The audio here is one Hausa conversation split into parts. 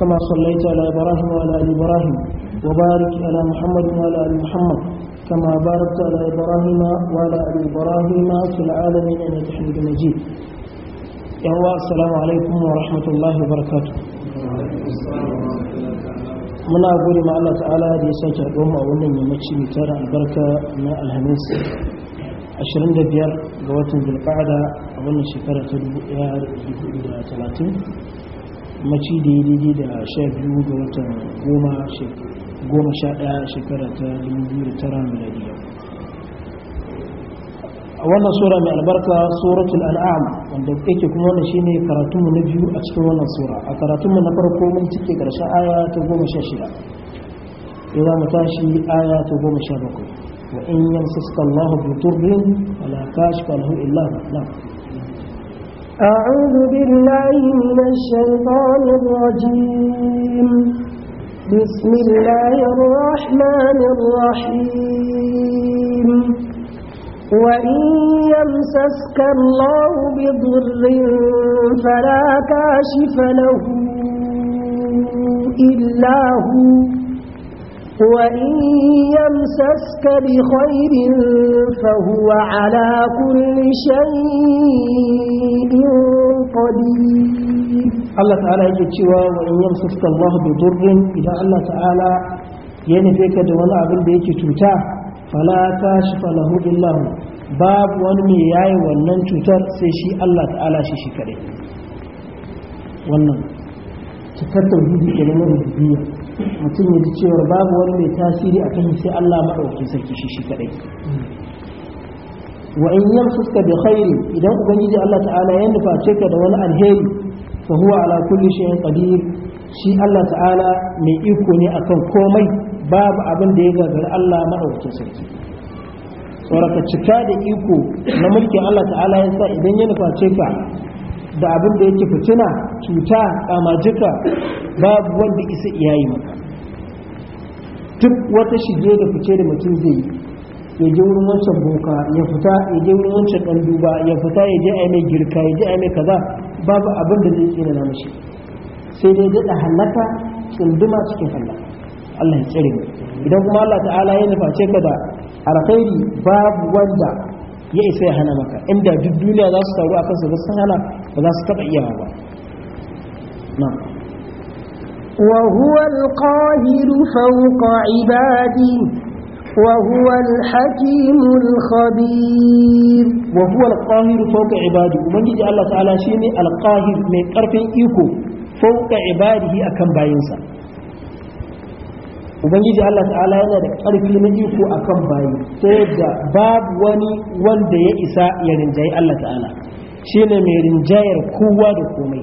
كما صليت على إبراهيم وعلى آل إبراهيم وبارك على محمد وعلى آل محمد كما باركت على إبراهيم وعلى آل إبراهيم في العالمين إنك حميد مجيد الله السلام عليكم ورحمة الله وبركاته muna gode ma Allah ta'ala da ya sake goma a wannan yammaci mai tara albarka na alhamis 25 ga watan zulqa'ada a wannan shekara ta 1430 Maci da daidai da sha biyu ga watan goma sha ɗaya shekara ta 2009 miladiya a wannan sura mai albarka suratul al'am wanda yake kuma shi shine karatunmu na biyu a cikin wannan sura a karatunmu na farko mun cike ƙarshen aya ta goma sha shida ya za mu tashi aya ta goma sha bakwai wa in yamsaska Allahu bi turbin wala kashfa lahu illa hu أعوذ بالله من الشيطان الرجيم بسم الله الرحمن الرحيم وإن يمسسك الله بضر فلا كاشف له إلا هو وإن يمسسك بخير فهو على كل شيء قدير الله تعالى يجتوى وإن يمسسك الله بضر إذا الله تعالى ينفيك دون عبد بيك توتا فلا كاشف له بالله باب ونمي ياي ونن توتر سيشي الله تعالى شيشي كريم ونن تكتب هذه كلمة ربية mutum ya ji cewar babu wani mai tasiri a kan sai Allah maɗauki sarki shi shi kaɗai wa in fuska da khairi idan ubangiji Allah ta'ala ya nuface ka da wani alheri fa huwa ala kulli shay'in qadir shi Allah ta'ala mai iko ne akan komai babu abin da ya gagari Allah maɗauki sarki tsoraka cika da iko na mulkin Allah ta'ala ya sa idan ya nuface ka da abin da yake fitina cuta kamajika babu wanda isa iyayi maka duk wata shige da fice da mutum zai yi ya je wurin wancan boka ya fita ya je wurin wancan ɗan duba ya fita ya je ai mai girka ya je ai mai kaza babu abin da zai tsira na mashi sai dai daɗa hallaka tsunduma cikin hallaka Allah ya tsire mu idan kuma Allah ta'ala ya face ka da alkhairi babu wanda ya isa ya hana maka inda duk duniya za su taru a kansa ba su hana ba za su taɓa iyawa ba na'am وهو القاهر فوق عباده وهو الحكيم الخبير وهو القاهر فوق عباده ومن يجي الله تعالى شيني القاهر من قرف إيكو فوق عباده أكم باينسا ubangiji Allah ta'ala yana da ƙarfi na iko akan bayi ta babu wani wanda ya isa ya rinjayi Allah ta'ala shine mai rinjayar kowa da komai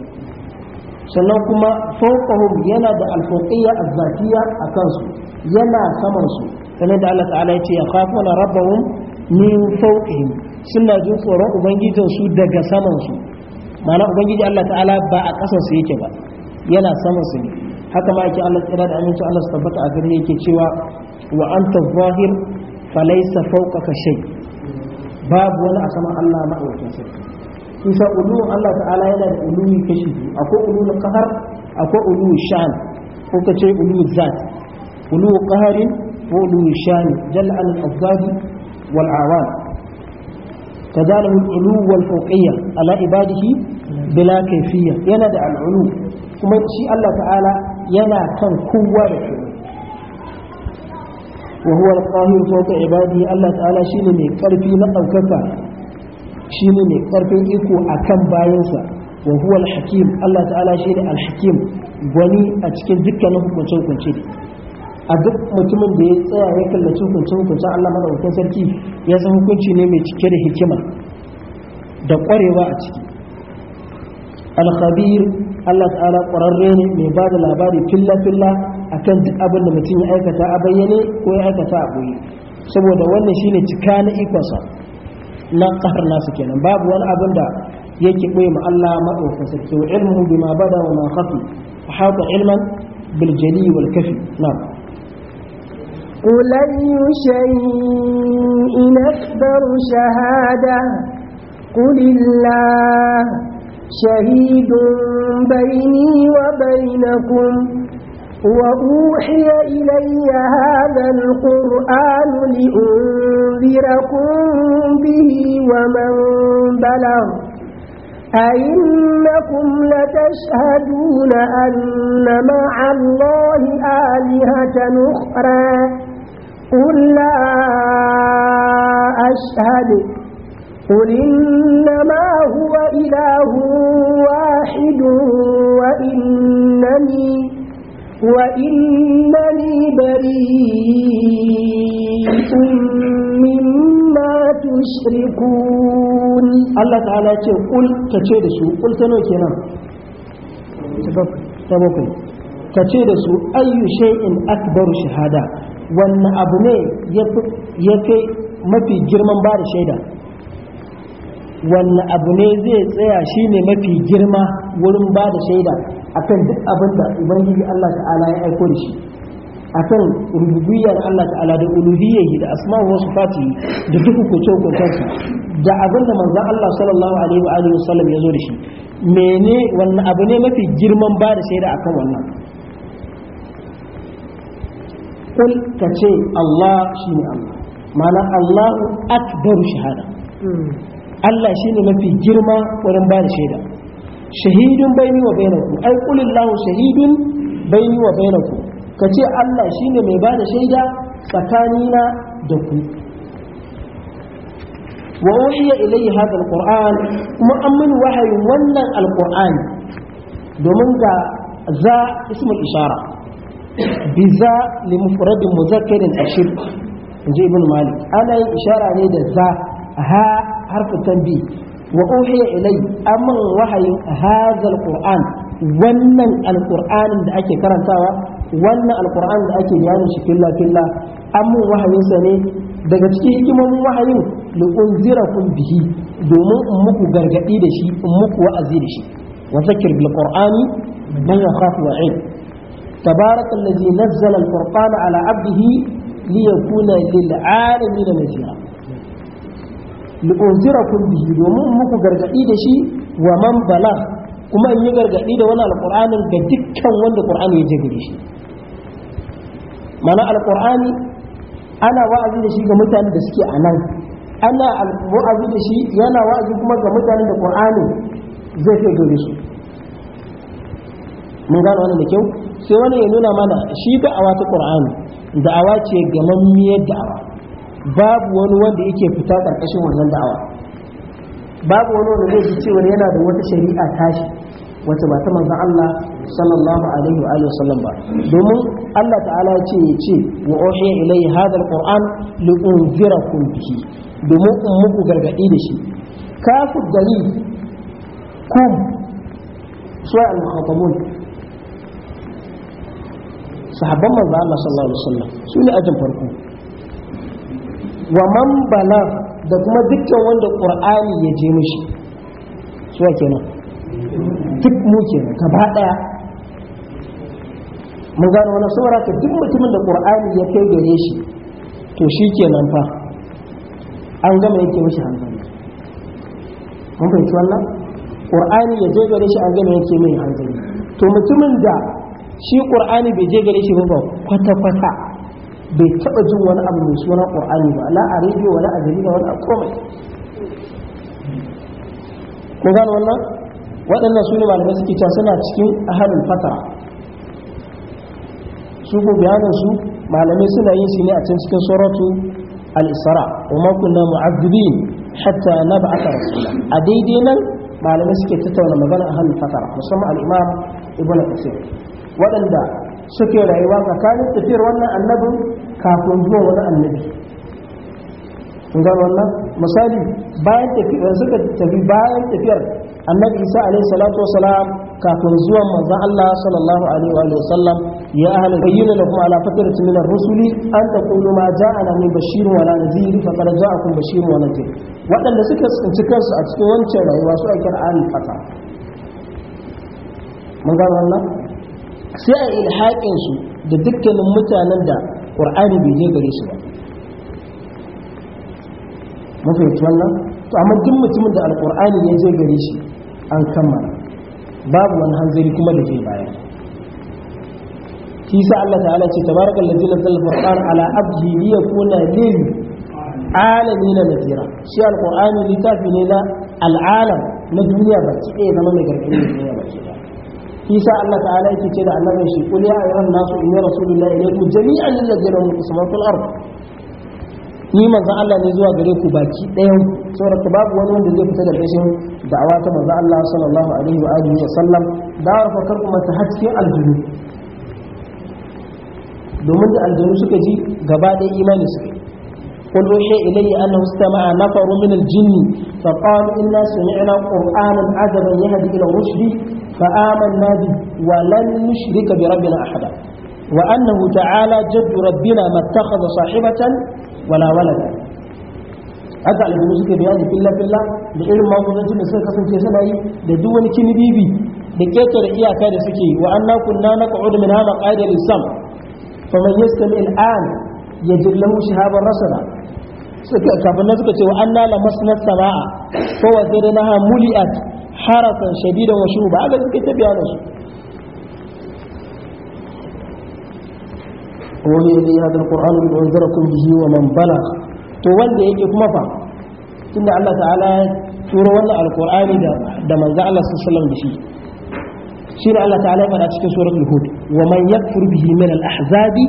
sannan kuma fawqahum yana da alfawqiyya azzatiyya a kansu yana saman su sannan da Allah ta'ala ya ce ya khafuna rabbahum min fawqihim suna jin tsoron ubangijin su daga saman su ma'ana ubangiji Allah ta'ala ba a ƙasar su yake ba yana saman su ne haka ma yake Allah tsira da aminci Allah su tabbata a gare yake cewa wa anta zahir falaysa fawqaka shay babu wani a saman Allah ma'aikacin sarki isa uluwin Allah ta'ala yana da uluwi kashi biyu akwai uluwin qahar akwai uluwin shan ko ka ce uluwin zat uluwin qaharin ko uluwin shan jalla al afwadi wal awan كذلك yana da على عباده بلا shi Allah Ta'ala Yana kan الله da ينا كان قوة وهو القاهر فوق عباده الله تعالى شيء mai كرفي na كفا shi ne mai karfin iko a kan bayansa wa huwa al-hakim Allah ta'ala shi ne al-hakim gwani a cikin dukkanin hukunce hukunce a duk mutumin da ya tsaya ya kallaci hukunce hukunce Allah madaukakin sarki ya san hukunci ne mai cike da hikima da ƙwarewa a ciki al-khabir Allah ta'ala ƙwararre ne mai ba da labari filla filla akan duk abin da mutum ya aikata a bayyane ko ya aikata a boye saboda wannan shine cika na ikonsa na kahar nasu kenan babu wani abin da yake koyi ma Allah madaukakin sarki wa ilmuhu bima bada wa ma khafi ahata ilman bil jali wal kafi na'am قل أي شيء أكبر شهادة قل الله شهيد بيني وبينكم وأوحي إلي هذا القرآن لأنذركم به ومن بلغ أئنكم لتشهدون أن مع الله آلهة أخرى قل لا أشهد قل إنما هو إله واحد وإنني وإنني بريء مما تشركون الله تعالى يقول قل كتير شو قل كنو كنا تبقي كتير شو أي شيء أكبر شهادة وأن أبني يفي ما في جرمان بار شهادة وأن أبني زي تسيا شيني ما في جرمة ورم بار شهادة akan duk abin da ubangiji Allah ta'ala ya aiko da shi akan rububiyyar Allah ta'ala da uluhiyyahi da asma'u wasu Fati da duk hukunce hukuncensa da abin da manzon Allah sallallahu alaihi wa alihi wasallam ya zo da shi mene wannan abu ne mafi girman ba da shaida akan wannan kul ka ce Allah shine Allah ma'ana Allahu akbaru shahada hmm. Allah shine mafi girma wurin ba da shaida shahidun baini wa bainakum ai qulillahu shahidun baini wa bainakum kace Allah shine mai bada shaida tsakanina da ku wa uhiya ilayhi hadha alquran kuma an mini wahayin wannan alqur'ani domin ga za ismul ishara bi za li mufradin muzakkarin ashir inji ibn malik ana ishara ne da za ha harfin tanbih wa uhiya ilai amman wahayin hadha alquran wannan alqur'anin da ake karantawa wannan alqur'anin da ake bayanin shi filla filla amman wahayin sa ne daga cikin hikimomin wahayin li unzirakum bihi domin in muku gargaɗi da shi in muku wa'azi da shi wa zakir bil qur'ani man yakhafu wa'id تبارك الذي نزل الفرقان على عبده ليكون للعالمين نذيرا kun bihi domin muku gargadi da shi wa man bala kuma in yi gargadi da wani alqur'anin ga dukkan wanda ƙur'ani ya jigire shi mana Alƙur'ani ana wa'azi da shi ga mutane da suke a nan ana wa'azi da shi yana wa'azi kuma ga mutane da ƙur'ani zai kai gare su mun gano wannan da kyau sai wani ya nuna mana shi da'awa ta qur'ani da'awa ce gamammiyar da'awa babu wani wanda yake fita ƙarƙashin wannan da'awa babu wani wanda zai ji cewa yana da wata shari'a tashi wacce ba ta manzon Allah sallallahu alaihi wa sallam ba domin Allah ta'ala ya ce ya ce wa uhiya ilayhi hadha alquran li unzirakum bihi domin in muku gargadi da shi kafu gari ku suwa al-mukhatabun sahabban manzon Allah sallallahu alaihi wa sallam su ne ajin farko wa man bala da kuma dukkan wanda qur'ani ya je mishi suwa kenan duk mu ka gaba daya mun gano wannan saboda ka duk mutumin da qur'ani ya kai gare shi to shi kenan fa an gama yake mishi hanzari mun fahimci wannan qur'ani ya je gare shi an gama yake mai hanzari to mutumin da shi qur'ani bai je gare shi ba kwata kwata bai taɓa jin wani abu mai suna ƙur'ani ba la a rediyo wani a jarida wala a komai ko gano wannan waɗannan su ne malamai suke cewa suna cikin ahalin fata su ko bayanin su malamai suna yin shi ne a can cikin soratu al-isra wa ma kunna mu'azzibin hatta nab'atha rasula a daidai nan malamai suke tattauna magana ahalin fata musamman al-imam ibnu kathir waɗanda suke rayuwa tsakanin tafiyar wannan annabin kafin zuwa wani annabi ga wannan misali bayan tafiyar suka tafi bayan tafiyar annabi isa alaihi salatu wasalam kafin zuwan manzon Allah sallallahu alaihi wa sallam ya ahli bayyana lakum ala fatratin min ar-rusuli an taqulu ma ja'ana min Bashirin wa la nadhir fa qad ja'akum bashir wa nadhir wadanda suka tsinci kansu a cikin wancan rayuwa su ake al fata mun ga wannan sai a ilhaƙinsu da dukkanin mutanen da ƙur'ani bai je gare su ba mafi wannan to amma duk mutumin da alƙur'ani ya je gare shi an kammala babu wani hanzari kuma da ke baya shi sa Allah ta'ala ce ta barakar da al-qur'an ala kuna lili alami na nadira shi alqur'ani littafi ne na al'alam na duniya ba baki ɗaya zama mai gargaɗi duniya baki Isa Allah ta'ala yake ce da annabin shi kul ya ayyuhan nasu inni rasulullahi ilaykum jami'an lillazina yunqisuna fil ard ni manzon Allah ne zuwa gare ku baki ɗayan saboda babu wani wanda zai fita da rashin da'awa ta manzon Allah sallallahu alaihi wa alihi wa sallam da'awar fakar kuma ta haske domin da aljanu suka ji gaba ɗaya imani suka yi قل أوحي إلي أنه استمع نفر من الجن فقالوا إنا سمعنا قرآنا عجبا يهدي إلى الرشد فآمنا به ولن نشرك بربنا أحدا وأنه تعالى جد ربنا ما اتخذ صاحبة ولا ولدا haka aljihu suke bayani filla filla da irin magudancin da suka kasance suna yi da duk wani kini bibi da keta da iyaka da suke yi wa anna kunna naq'udu min hama qa'ida lisam faman yastami al'an yajid lahu shihaban rasala suka kafin nan suka ce wa anna la masna samaa fa wajadnaha muliat harasan shadidan wa shuba haka suka ta bayanin su wani ne ya zar qur'an bi unzarakum bihi wa man balagh to wanda yake kuma fa tunda Allah ta'ala ya turo wannan alqur'ani da da manzo Allah sallallahu alaihi wasallam da shi shine Allah ta'ala ya faɗa cikin suratul hud wa man yakfur bihi min al ahzabi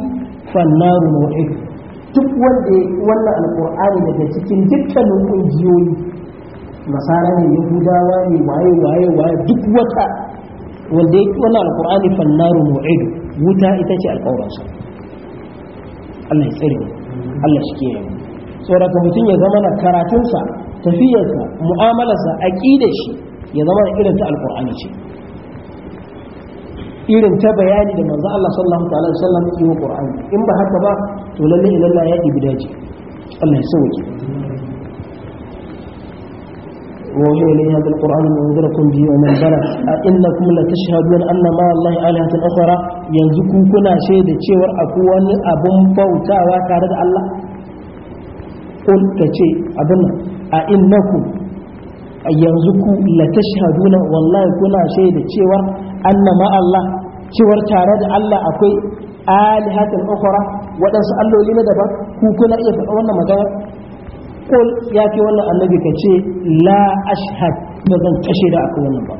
fan naru maw'iduhu duk wanda ya yi wannan alkur'ani daga cikin dukkanin ƙungiyoyi nasara ne yahudawa ne waye waye waye duk wata wanda ya yi wannan alkur'ani fannaru mu'idu wuta ita ce alƙawarsa Allah ya tsare Allah shi ke yi saboda mutum ya zama na karatunsa tafiyarsa mu'amalarsa aqidar shi ya zama irin ta alkur'ani ce irin ta bayani da manzo Allah sallallahu alaihi wasallam yake wa Qur'ani in ba haka ba to lalle illallah ya ibida ji Allah ya sauke wa huwa alladhi yanzilu al-Qur'ana min yunzirukum bihi wa man bala a innakum la tashhaduna anna ma Allah alahat al-ukhra yanzu ku kuna shaida cewa akwai wani abun bautawa tare da Allah kun ta ce abin a innakum yanzu ku la tashhaduna wallahi kuna shaida cewa Annama ma Allah cewar tare da Allah akwai alihatul ukhra waɗansu alloli na daban ku kuna iya faɗa wannan magana kul ya ke wannan annabi ka ce la ashhad ba zan kashe da akwai wannan ba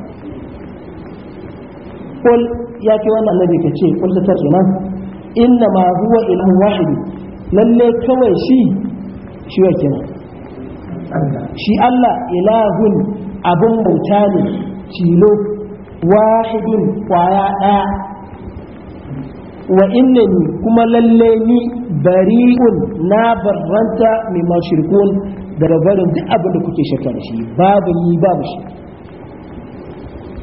kul ya ke wannan annabi ka ce kul ta tarjuma inna ma huwa ilahu wahid lalle kawai shi shi wa kenan shi Allah ilahun abun bauta ne tilo wahidin kwaya ɗaya wa innani kuma lallai ni bari'un na baranta mai mashirkun daga barin duk da kuke shakka shi babu ni babu shi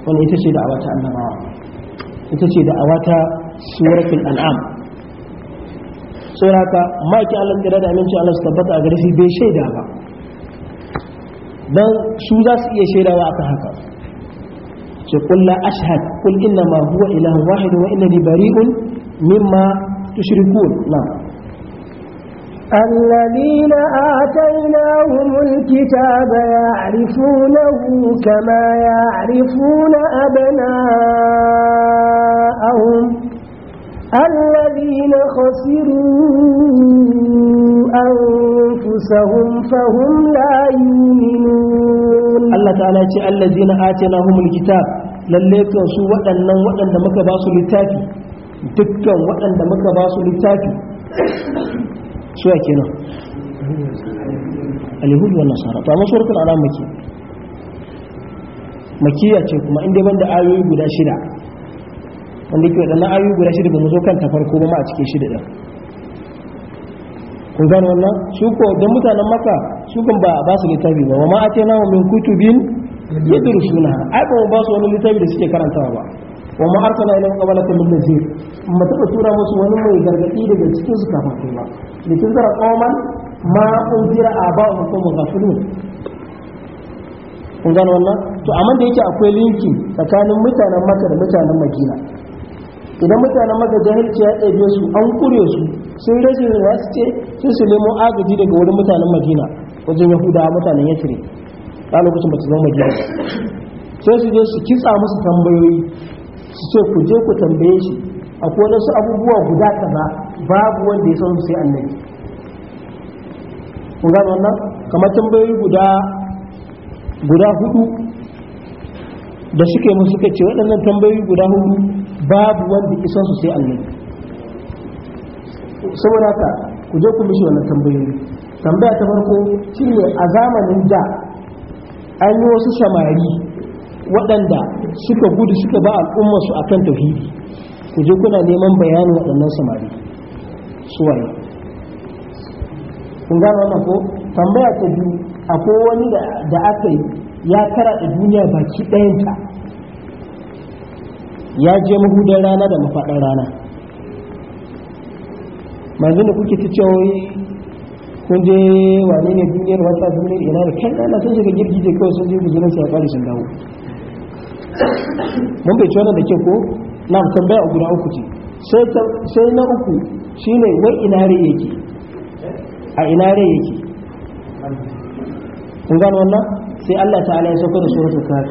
wannan ita ce da awata annabawa ita ce da awata suratul an'am sauraka maki Allah kira da aminci Allah su bai shaida ba don su zasu iya shaidawa aka haka قل لا أشهد قل إنما هو إله واحد وإنني بريء مما تشركون نعم الذين آتيناهم الكتاب يعرفونه كما يعرفون أبناءهم الذين خسروا أنفسهم فهم لا يؤمنون الله تعالى الذين آتيناهم الكتاب lalle kan su waɗannan waɗanda muka ba su littafi dukkan waɗanda muka ba su littafi su ya kenan alihudu wannan sara ta masu suratul anam maki makiya ce kuma inda da ayoyi guda shida wanda ke waɗannan ayoyi guda shida ba mu zo kan ta farko ba ma a cikin shida ɗin kun gane wannan su ko don mutanen maka su kan ba ba su littafi ba ma a ce wa min kutubin yadrusuna ai ba ba su wani littafi da suke karantawa ba wa ma arsala ilayhim qablaka min nazir amma ta tura musu wani mai gargadi daga cikin su kafin kai ba likin zara qauman ma unzira aba'uhum fa mughafilun kun gano wannan to amma da yake akwai linki tsakanin mutanen maka da mutanen madina idan mutanen maka jahilci ya ɗabe su an kure su sun rashin za su ce sai su nemo agaji daga wurin mutanen madina wajen yahudawa mutanen yasiri a lokacin ba zama magana sai su je su kitsa musu tambayoyi su ce ku je ku tambaye shi A wadansu abubuwa guda kaza babu wanda ya san sai annabi kun gano wannan kamar tambayoyi guda guda hudu da suke musu suka ce waɗannan tambayoyi guda hudu babu wanda ya san su sai annabi saboda ka ku je ku mishi wannan tambayoyi tambaya ta farko shine a zamanin da an yi wasu samari waɗanda suka gudu suka ba al'ummarsu a kan tauhidi ku je kuna neman bayanin waɗannan samari suwaye kun gano wannan ko tambaya ta biyu akwai wani da aka yi ya karaɗa duniya baki ɗayanta ya je mahudan rana da mafaɗar rana manzon da kuke ta cewa sun je wane ne duniyar wata duniyar ina da kan na sun shiga girgi da kai sun je gujina su ya fara sun dawo mun bai cewa da ke ko na bai tambaya guda uku ce sai na uku shine wai ina re yake a ina re yake kun gano wannan sai Allah ta'ala ya sauka da suratul kaf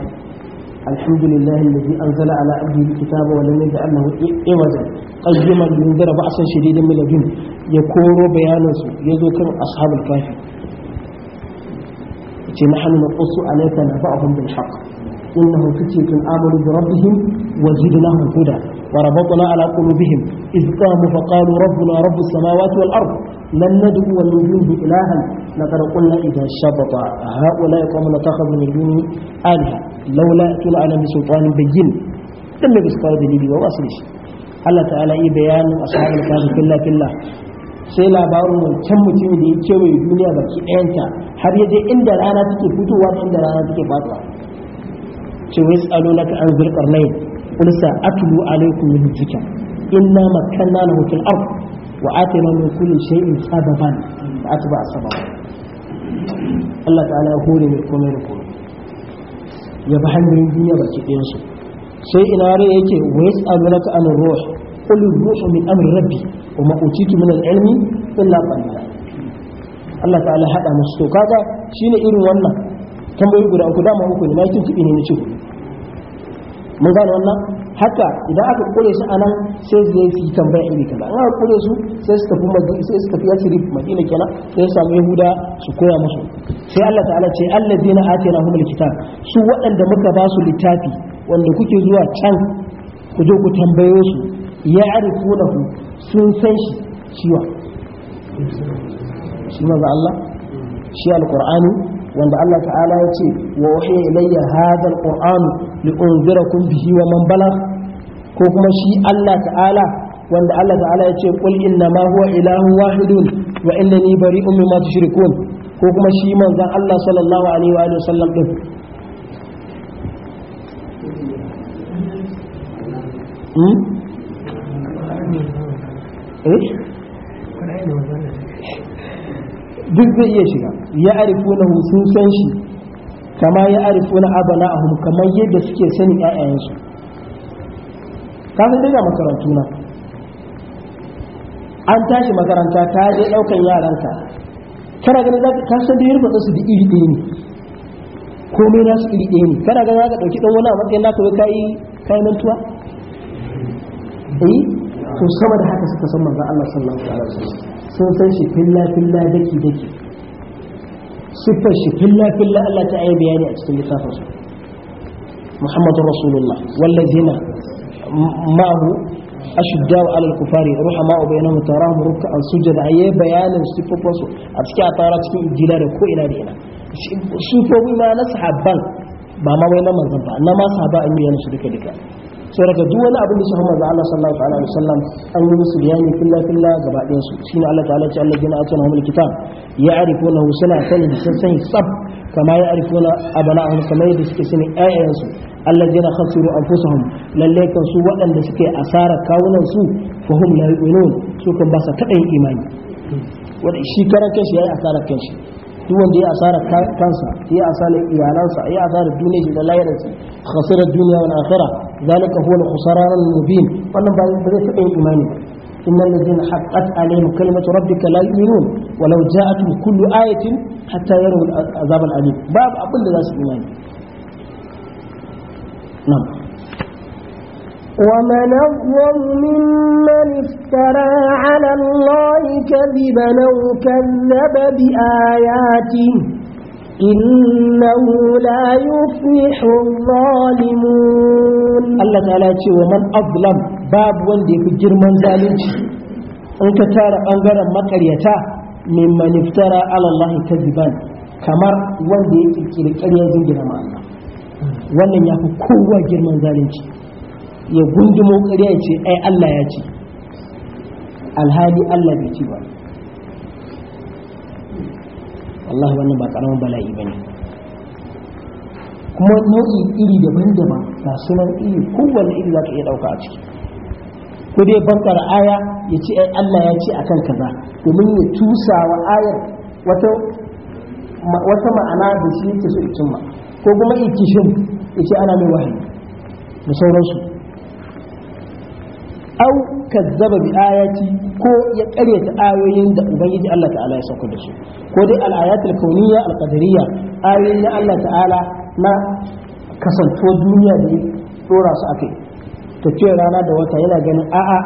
alhamdulillah alladhi anzala ala abdihi alkitaba wa lam yaj'al lahu iwaja qayyiman yunzira ba'sa shadidan min ladun يكون بيان يذكر أصحاب الكهف كي محل نقص عليك نفعهم بالحق إنهم كتيك آمنوا بربهم وزدناهم هدى وربطنا على قلوبهم إذ قاموا فقالوا ربنا رب السماوات والأرض لن ندعو من دونه إلها لقد قلنا إذا شبط هؤلاء قوم اتخذوا من دونه آلهة لولا أتوا أنا بسلطان بين لم يستوي دليلي وواصلش الله تعالى إي بيان أصحاب الكافر كلا كلا sai labarin wancan mutumin da ya kewaye duniya baki ɗayanta har yaje inda rana take fitowa da inda rana take faɗuwa ce wai tsalo na an zulkar nai kulsa atlu alaikum min zikr inna makanna lahu fil ard wa atina min kulli shay'in sababan ba a saba. Allah ta'ala ya hore mai komai da komai ya ba hanyoyin duniya baki ɗayan su sai ina rai yake wai wa yas'alunaka an ruh qul ruwa min amin rabbi wa ma utitu min al-ilmi illa qalila Allah ta'ala hada musu to kaga shine irin wannan tambayoyi guda uku dama uku ne makin tibi ne nace mun gane wannan haka idan aka kore su anan sai zai yi tambaya iri kaza an aka kore su sai su tafi madina sai su tafi yasrib madina sai su samu su koya musu sai Allah ta'ala ce allazina atainahumul kitab su waɗanda muka basu littafi wanda kuke zuwa can ku je ku tambayo su ya arifunahu sun san shi shiwa shi maza Allah shi alƙur'ani wanda Allah ta'ala ya ce wa wahiya ilayya hadha alqur'an li unzirakum bihi wa man balagh ko kuma shi Allah ta'ala wanda Allah ta'ala ya ce qul inna ma huwa ilahun wahidun wa innani bari'un mimma tushrikun ko kuma shi manzon Allah sallallahu alaihi wa sallam din Hmm? Eh? duk zai iya shiga ya na sun san shi kama ya arifuna abana a kamar yadda suke sanin ƴaƴayensu ka san daga makarantu na an tashi makaranta ta je ɗaukan yaranka kana ganin za ka san da yirfa su da iri ɗaya ne komai nasu iri ɗaya ne kana ganin za ka ɗauki ɗan wani a matsayin naka wai ka kayan mantuwa eh so sama da haka suka san manzon Allah sallallahu alaihi wasallam sun san shi filla filla daki daki siffar shi filla filla Allah ta ayi bayani a cikin littafin su Muhammadur Rasulullah wallazina ma'ahu ashiddaw ala al-kufari ruhama'u bainahum tarahum ruk'an sujada ayi bayanin siffofin su a cikin atara cikin injila da ko ina da ina sufofin ma na sahabban ba ma wai na manzon ba na ma sahaba an yi su duka duka so daga duk wani abin da shi hamma Allah sallallahu alaihi wasallam an yi musu bayani filla filla gaba ɗayan su shine Allah ta'ala ce Allah gina atana humul kitab ya arifuna suna sani sun sani sab kama ya arifuna abana'ahum kama yadda suke sani ayyan su Allah gina khasiru anfusahum lalle kan su waɗanda suke asara kawunan su fa hum la yu'minun su kan ba sa taɓa yin imani wanda shi karan kanshi yayi asarar kanshi duk wanda ya asara kansa ya asara iyalansa ya asara duniya da lahirar khasirar duniya wal akhirah ذلك هو الخسران المبين wannan ba zai taɓa إن الذين حقت عليهم كلمة ربك لا يؤمنون ولو جاءتهم كل آية حتى يروا العذاب الأليم باب أقل لذلك الإيمان نعم ومن أظلم ممن افترى على الله كذبا أو كذب بآياته إنه لا يفلح الظالمون الله تعالى ومن أظلم باب وندي في جرمان ذلك أنت ترى أنقرا مكريتا ممن افترى على الله كذبان kamar wanda ya kirkiri ƙarya jingina ma wannan ya fi kowa girman zalunci ya gundumo ƙarya ya ce ai Allah ya ce alhali Allah bai ci ba wallahi wannan ba karamin bala'i bane kuma nau'i iri daban-daban ga sunan iri kowane iri za ka iya ɗauka a ciki ko dai bankar aya ya ce Allah ya ce akan kaza domin ya tusa wa ayar wata ma'ana da shi yake so ya cimma ko kuma ikishin ya ce ana mai wahayi da sauransu kazzaba bi ayati ko ya karyata ayoyin da ubangiji Allah ta'ala ya sauka da shi? ko dai al-ayatul kauniyya al-qadariyya ayoyin Allah ta'ala na kasanto duniya da ya dora su akai tafiyar rana da wata yana ganin a'a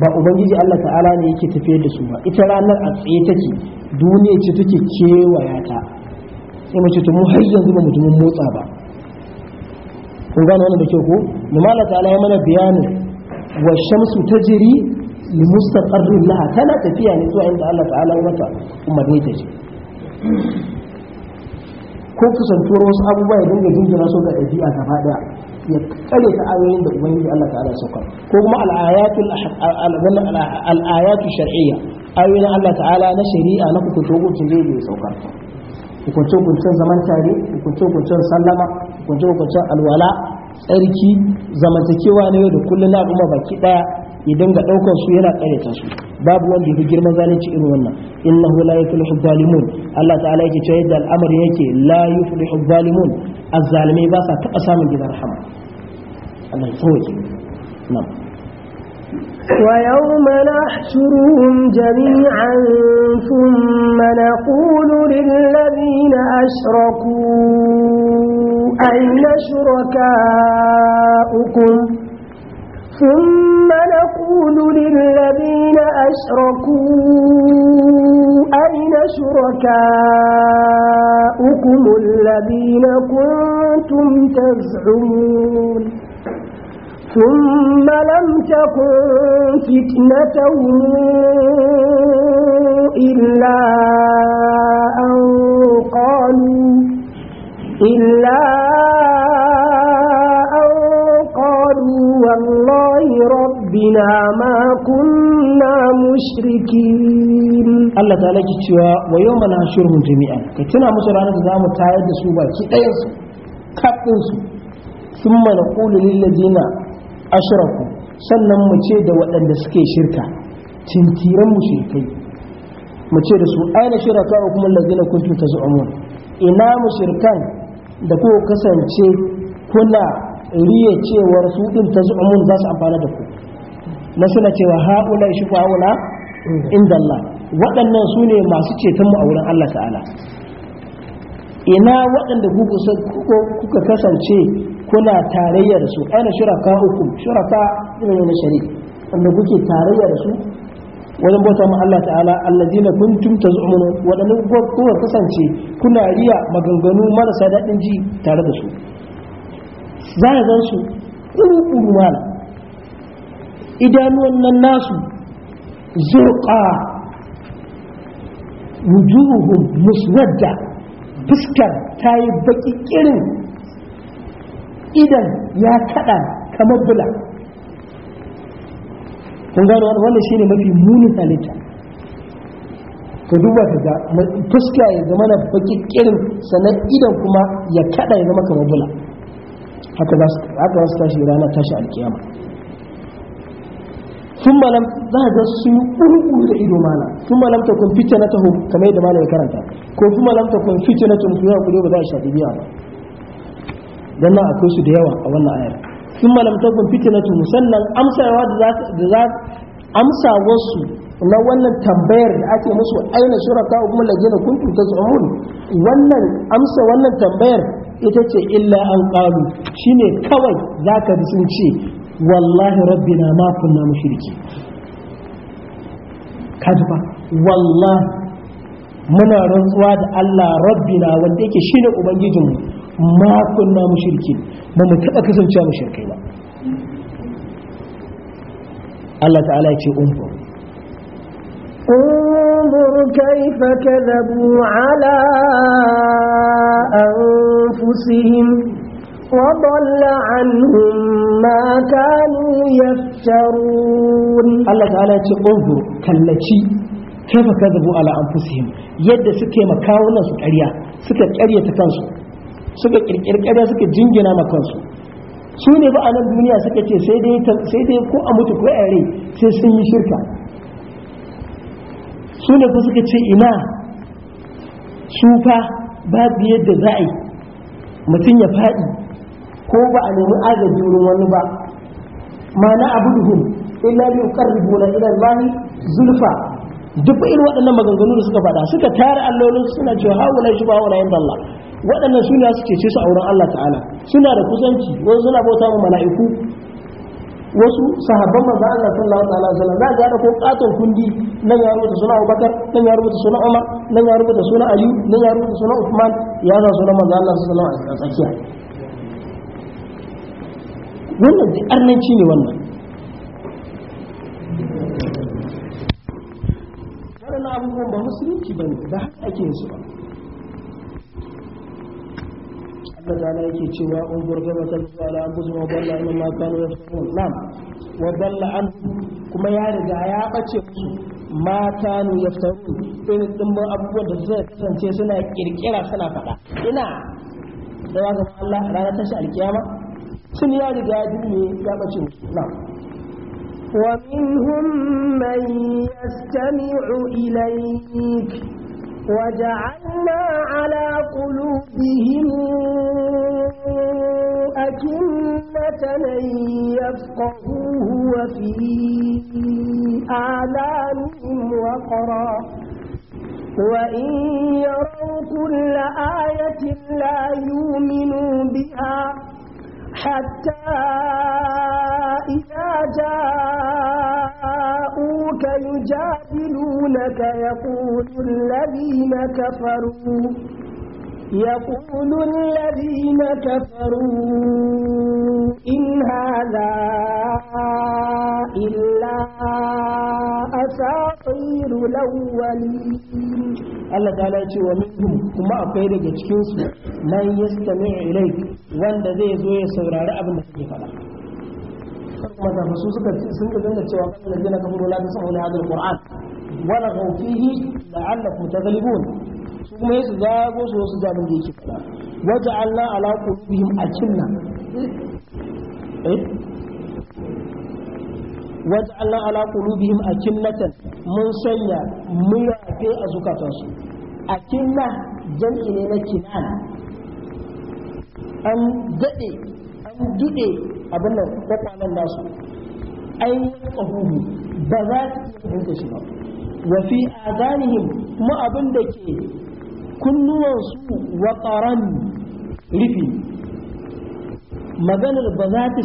ba ubangiji Allah ta'ala ne yake tafiyar da su ba ita ranar a tsaye take duniya ce take kewaya ta sai mace to mu har yanzu ba mutumin motsa ba kun gane wannan da kyau ko mu mallaka ta'ala ya mana bayanin wa shamsu tajri li mustaqarrin laha tana tafiya ne zuwa inda Allah ta'ala ya mata umarni ta ko kusantuwar wasu abubuwa ya dinga jinjina so da ɗabi'a gaba ɗaya ya tsare ta ayoyin da ubangiji Allah ta'ala saukar ko kuma al-ayatul al shar'iyya ayoyin Allah ta'ala na shari'a na hukunce hukuncin da saukar zaman tare hukunce sallama alwala tsarki zamantakewa na yau da kullum na al'umma baki daya idan ga daukar su yana karyata su babu wanda yafi girman zalunci irin wannan innahu la yuflihu zalimun Allah ta'ala yake cewa yadda al'amari yake la yuflihu zalimun azzalimai ba sa taba samun gidan rahama Allah ya na ويوم نحشرهم جميعا ثم نقول للذين أشركوا أين شركاؤكم ثم نقول للذين أشركوا أين شركاؤكم الذين كنتم تزعمون ثم لم تكن فتنتهم إلا أن قالوا إلا أن قالوا والله ربنا ما كنا مشركين الله تعالى جتوا ويوم نحشرهم جميعا كتنا مسرانا تزامو تايد سوبا كتايس كتنس ثم نقول للذين أشركوا sannan mu ce da waɗanda suke shirka tintiran mushrikai mu ce da su aina shirka kuma lazina ina da kuka kasance kuna riya cewar su din ta mun za su amfana da ku na suna cewa ha'ula shi haula inda Allah waɗannan su ne masu ceton mu a wurin Allah ta'ala ina waɗanda kuka kasance kuna tarayya da su aina shuraka hukum shuraka irin na shari'a wanda kuke tarayya da su wajen bauta ma Allah ta'ala allazina kuntum taz'umuna wadannan kuka kasance kuna riya maganganu marasa daɗin ji tare da su za ya zan su ƙuru mala idanuwan nan nasu zurqa wujuhum muswadda fuskar ta yi baki irin idan ya kaɗa kamar bula kun gano shi shine mafi munin halitta ka duba ka ga fuska ya zama na baki kirin sannan idan kuma ya kada ya zama kamar bula haka za su tashi rana tashi alkiyama sun malam za ga su ƙurƙuru da ido mana sun malam ta kun fitina ta taho kamar yadda malam ya karanta ko sun malam ta kun na ta mutu yawa kudu ba za a shafi biya ba don nan akwai su da yawa a wannan ayar in malam takun fitnatu sannan amsawa da za amsa wasu na wannan tambayar da ake musu aina shuraka kuma lajina kuntum taz'umun wannan amsa wannan tambayar ita ce illa an qalu shine kawai zaka ji sun ce wallahi rabbina ma kunna mushriki kadba wallahi muna rantsuwa da Allah rabbina wanda yake shine ubangijinmu ما كنا مشركين ما متبقى كسم kasancewa مشركين الله تعالى يتشي ya انظر كيف كذبوا على أنفسهم وضل عنهم ما كانوا يفترون الله تعالى يتشي انظر كالتشي كيف كذبوا على أنفسهم يد سكي مكاونا سكريا سكي كريا تكنسوا suka kirkirkare suka jingina ma kansu su ne ba a nan duniya suka ce sai dai ko a mutu ko a rai sai sun yi shirka su ne ba suka ce ina su fa babu yadda za a yi mutum ya faɗi ko ba a nemi agaji wurin wani ba mana abu duhun illa biyu karribu na idan lani zulfa duk irin waɗannan maganganu da suka faɗa suka tara allolin suna cewa na shi ba haula yin Allah waɗannan su ne su ce su a wurin Allah ta'ala suna da kusanci wasu suna bauta wa mala'iku wasu sahabban manzo Allah sallallahu alaihi wasallam za ga ko katon kundi nan ya rubuta suna Abubakar nan ya rubuta suna Umar nan ya rubuta suna Ali nan ya rubuta suna Uthman ya za suna manzo Allah sallallahu alaihi wasallam a tsakiya wannan da arnanci ne wannan wannan abubuwan ba musulunci ne da haka ake yin su ba subhanahu ta'ala yake cewa in gurga mata da an kusa wadalla an ma kanu yafsun nam wadalla an kuma ya riga ya bace su ma kanu yafsun sai din ba abubuwan da zai kasance suna kirkira suna fada ina da wa ga Allah ranar tashi alkiyama sun ya riga dinne ya bace su nam wa minhum man yastami'u ilayk وجعلنا على قلوبهم أكنة أن يفقهوه وفي آذانهم وقرا وإن يروا كل آية لا يؤمنوا بها حتى إذا جاءوك يجادلونك يقول الذين كفروا يقول الذين كفروا إن هذا إلا أساطير الأولين الله تعالى يقول ومنهم وما أفيدك تشكوس من يستمع إليك وان ذي ذوي صغراء أبن تكيفنا كما تفسوسك سنك بين التواقع الذين كفروا لا تسمعوا لهذا القرآن ولغوا فيه لعلكم تغلبون kuma yi su zago su wasu zaman da yake fada Wajen Allah ala kulubihim a cinna eh? Wajen Allah ala kulubihim a cinnatan mun sanya mun rafe a zukatansu a cinna jam'i ne na kinan an daɗe an duɗe abin nan kwakwalan nasu an yi tsohuhu ba za su iya fahimta shi ba wa fi adanihim kuma abin da ke كل وصف وطرا لفي ما قال البذات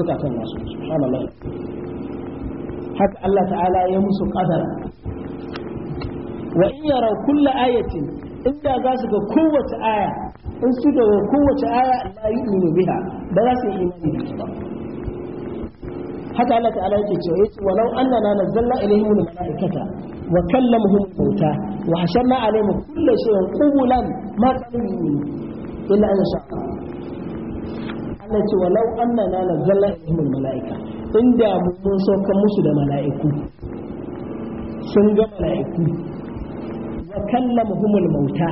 زكاة الله سبحان الله حتى الله تعالى يمس قدر وإن يروا كل آية إنت أغاسك قوة آية إنسك قوة آية لا يؤمن بها بذات إيمان حتى الله تعالى يتجعيث ولو أننا نزلنا إليهم الملائكة وكلمهم kallamhum وحشرنا عليهم كل شيء قولا ما qawlan ma kanu illa an Allah ce walau annana nazzalna ilaihim malaika inda mun saukar musu da mala'iku sun ga mala'iku wa kallamhum mauta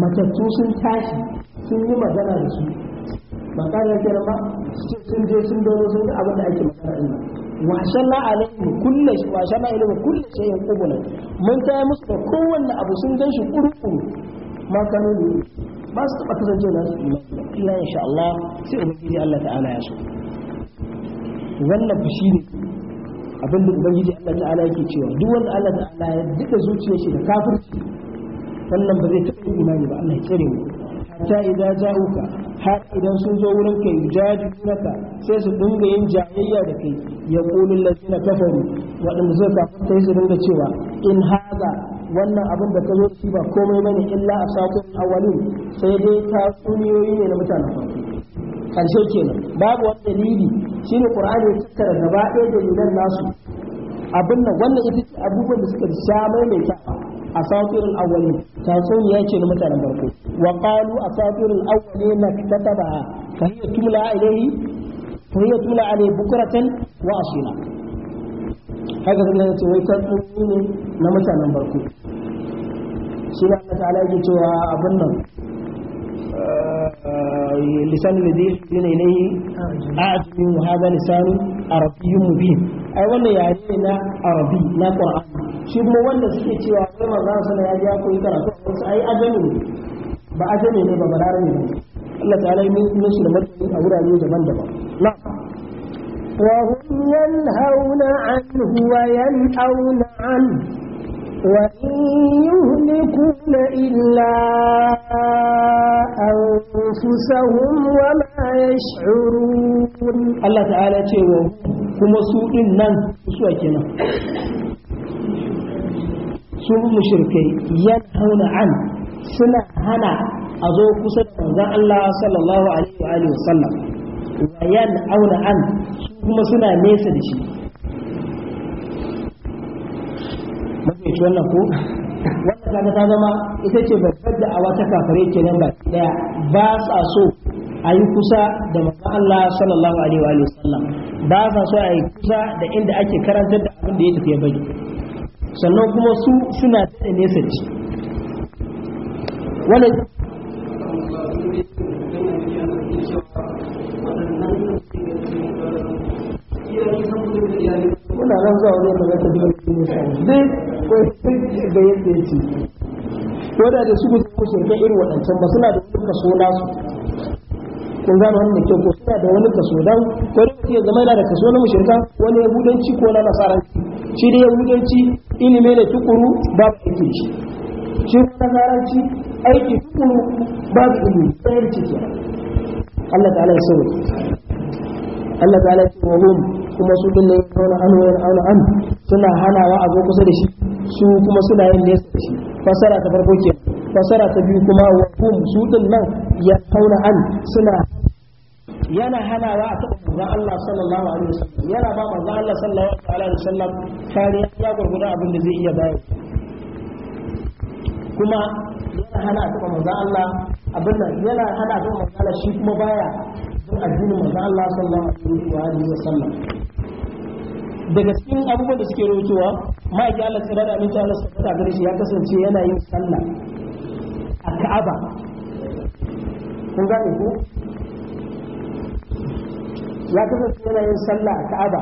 matattu sun tashi sun yi magana da su ba ƙarar girma sun je sun dono sun ga abin da ake magana washanna alaihim kullu shay washanna ilaihim kullu shay'in qubula mun kai musu da kowanne abu sun gan shi kurkuru ma kanu ba su taba kasance da su illa insha Allah sai ubangiji Allah ta'ala ya so wannan fushi ne abin da ubangiji Allah ta'ala yake cewa duk wanda Allah ta'ala ya duka zuciyar shi da kafirci wannan ba zai taɓa imani ba Allah ya tsare mu hatta idza ja'uka har idan sun zo wurin kai jaji yujadilunaka sai su dinga yin jayayya da kai ya yaqulu ladina kafaru wadanda suka kafarta sai su dinga cewa in haza wannan abin da ka zo shi ba komai bane illa asakun awwalin sai dai ta suniyoyi ne na mutanen farko karshe kenan babu wani dalili shine qur'ani ya tattara gaba ɗaya dalilan nasu abin nan wannan ita ce abubuwan da suka sha mai mai asatirul awwalin tatsuniya ce na mutanen farko wa a asatirul awwalin na fa hiya tumla ilayhi fa hiya tumla alayhi wa asila haka kuma ya ce wai tatsuniya ne na mutanen farko shi ne Allah ta'ala yake cewa abin nan lisan ladhi sina ilayhi a'jami wa hadha lisan arabiyyun mubin ai wannan yare na arabi na qur'an shi kuma wanda suke cewa sai manzo sallallahu alaihi wasallam ya koyi karatu a ai ajami ne ba ajami ne ba ne Allah ta'ala da a wurare daban-daban وهم ينهون عنه وينأون عنه وإن يهلكون إلا أنفسهم وما يشعرون الله تعالى تيوه كما سوء النان سوء كنا سوء مشركي ينهون عن سنة هنا أزو كسد من الله صلى الله عليه وآله وسلم وينهون عن سوء كما سنة نيسا لشيء mafi wannan ko wannan kaga ta zama ita ce babbar a wata kafare nan ba daya ba sa so a yi kusa da manzon Allah sallallahu alaihi wa sallam ba sa so a yi kusa da inda ake karantar da abin da ya tafi bari sannan kuma su suna da nesa ci wannan Muna nan zuwa wani da zaka ji wani ne sai. akwai da yadda yake ko da da su gudu ko shirka irin waɗancan ba suna da wani kaso nasu kun gano wannan ke ko suna da wani kaso dan ko da ke zama yana da kaso na mushirka wani yahudanci ko na nasaranci shi da yahudanci ilimi da tukuru ba ku aiki shi shi nasaranci aiki tukuru ba ilimi tsayar ciki Allah ta'ala ya sauke Allah ta'ala ya sauke kuma su din ne kauna anu wa anu an suna hanawa a zo kusa da shi su kuma suna yin nesa da shi fasara ta farko ke fasara ta biyu kuma wa hum su din nan ya kauna an suna yana hanawa a taɓa manzon Allah sallallahu alaihi wasallam yana ba manzon Allah sallallahu alaihi wasallam kariya ya gurgurda abin da zai iya bayar kuma yana hana a taɓa manzon Allah abin nan yana hana a taɓa manzon Allah shi kuma baya addinin manzon Allah sallallahu alaihi wa sallam daga cikin abubuwan da suke rawaitowa ma'aiki Allah tsira da aminci Allah sabata gare shi ya kasance yana yin sallah a Ka'aba kun gane ko ya kasance yana yin sallah a Ka'aba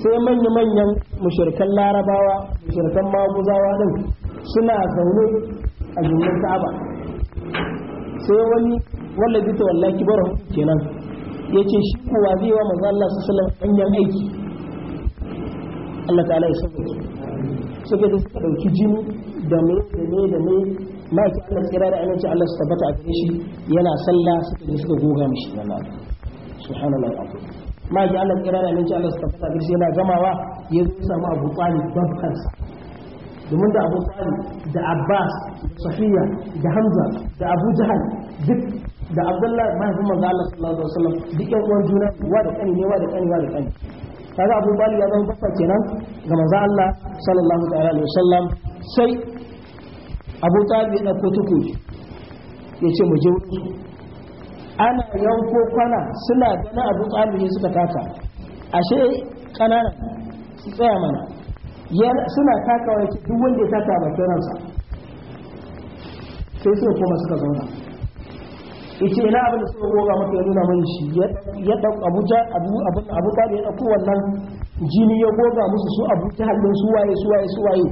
sai manya-manyan mushrikan larabawa mushrikan maguzawa din suna zaune a jimin Ka'aba sai wani wallazi ta wallahi kibaru kenan yace shi kowa zai wa manzo Allah sallallahu alaihi wasallam aiki Allah ta'ala ya sauke suka da suka dauki jini da me da me da me ma ki Allah tsira da aminci Allah su tabbata a gare shi yana sallah suka da suka goga mishi wallahi subhanallahi alazim ma ki Allah tsira da aminci Allah su tabbata a gare shi yana gamawa ya samu Abu Talib babkansa domin da abu tsari da abbas safiya da hamza da abu jahal duk da abdullah mahaifin manzo allah sallallahu alaihi wasallam duk yan uwan juna wa da kani ne wa da kani wa da kani kaga abu bali ya zama basa kenan ga manzo allah sallallahu alaihi wasallam sai abu talib yana dauko ya ce mu je ana yanko kwana suna ganin abu talib ne suka taka ashe kananan su tsaya mana suna takawa duk wanda ya taka bakin ransa sai suka kuma suka zauna yace ina abin da suka goga maka ya nuna mai shi ya dauka abuja abu abu abu da ya dauko wannan jini ya goga musu su abu ta hannun su waye su waye su waye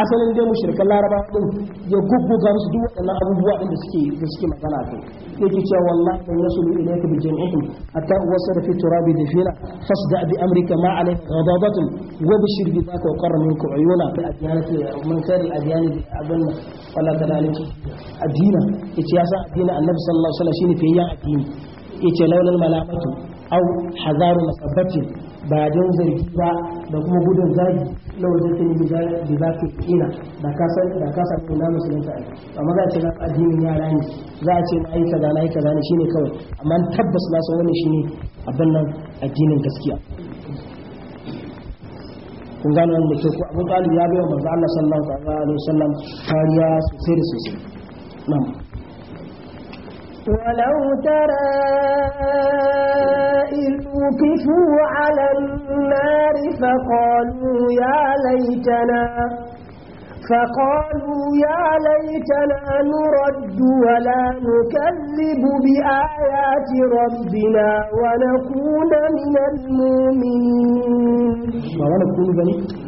asalin dai mushrikan laraba din ya gugguga musu duk waɗannan abubuwa din da suke da suke magana kai yake cewa wallahi lan yasulu ilayka bi jam'ihim hatta wasada fi turabi dafina fasda bi amrika ma alayka ghadabatun wa bashir bi dhaka wa qarra minkum uyuna bi adyanati man kari adyani bi abunna wala kadalika adina yace ya sa adina annabi sallallahu alaihi wasallam shine fiyayyan adini yace laulal malamatu aw hazaru masabbatin ba don zargi ba da kuma gudun zagi na wajen ta yi da za ka kina da ka sa kuna musulunta ne amma za a ce na addinin yara ne za a ce na yi kaza na yi kaza ne shine kawai amma tabbas na san shi shine abin nan addinin gaskiya kun gano wanda ke ko abin talib ya bai wa manzo Allah sallallahu alaihi wasallam kariya sosai da sosai na'am ولو ترى إذ وقفوا على النار فقالوا يا ليتنا فقالوا يا ليتنا نرد ولا نكذب بآيات ربنا ونكون من المؤمنين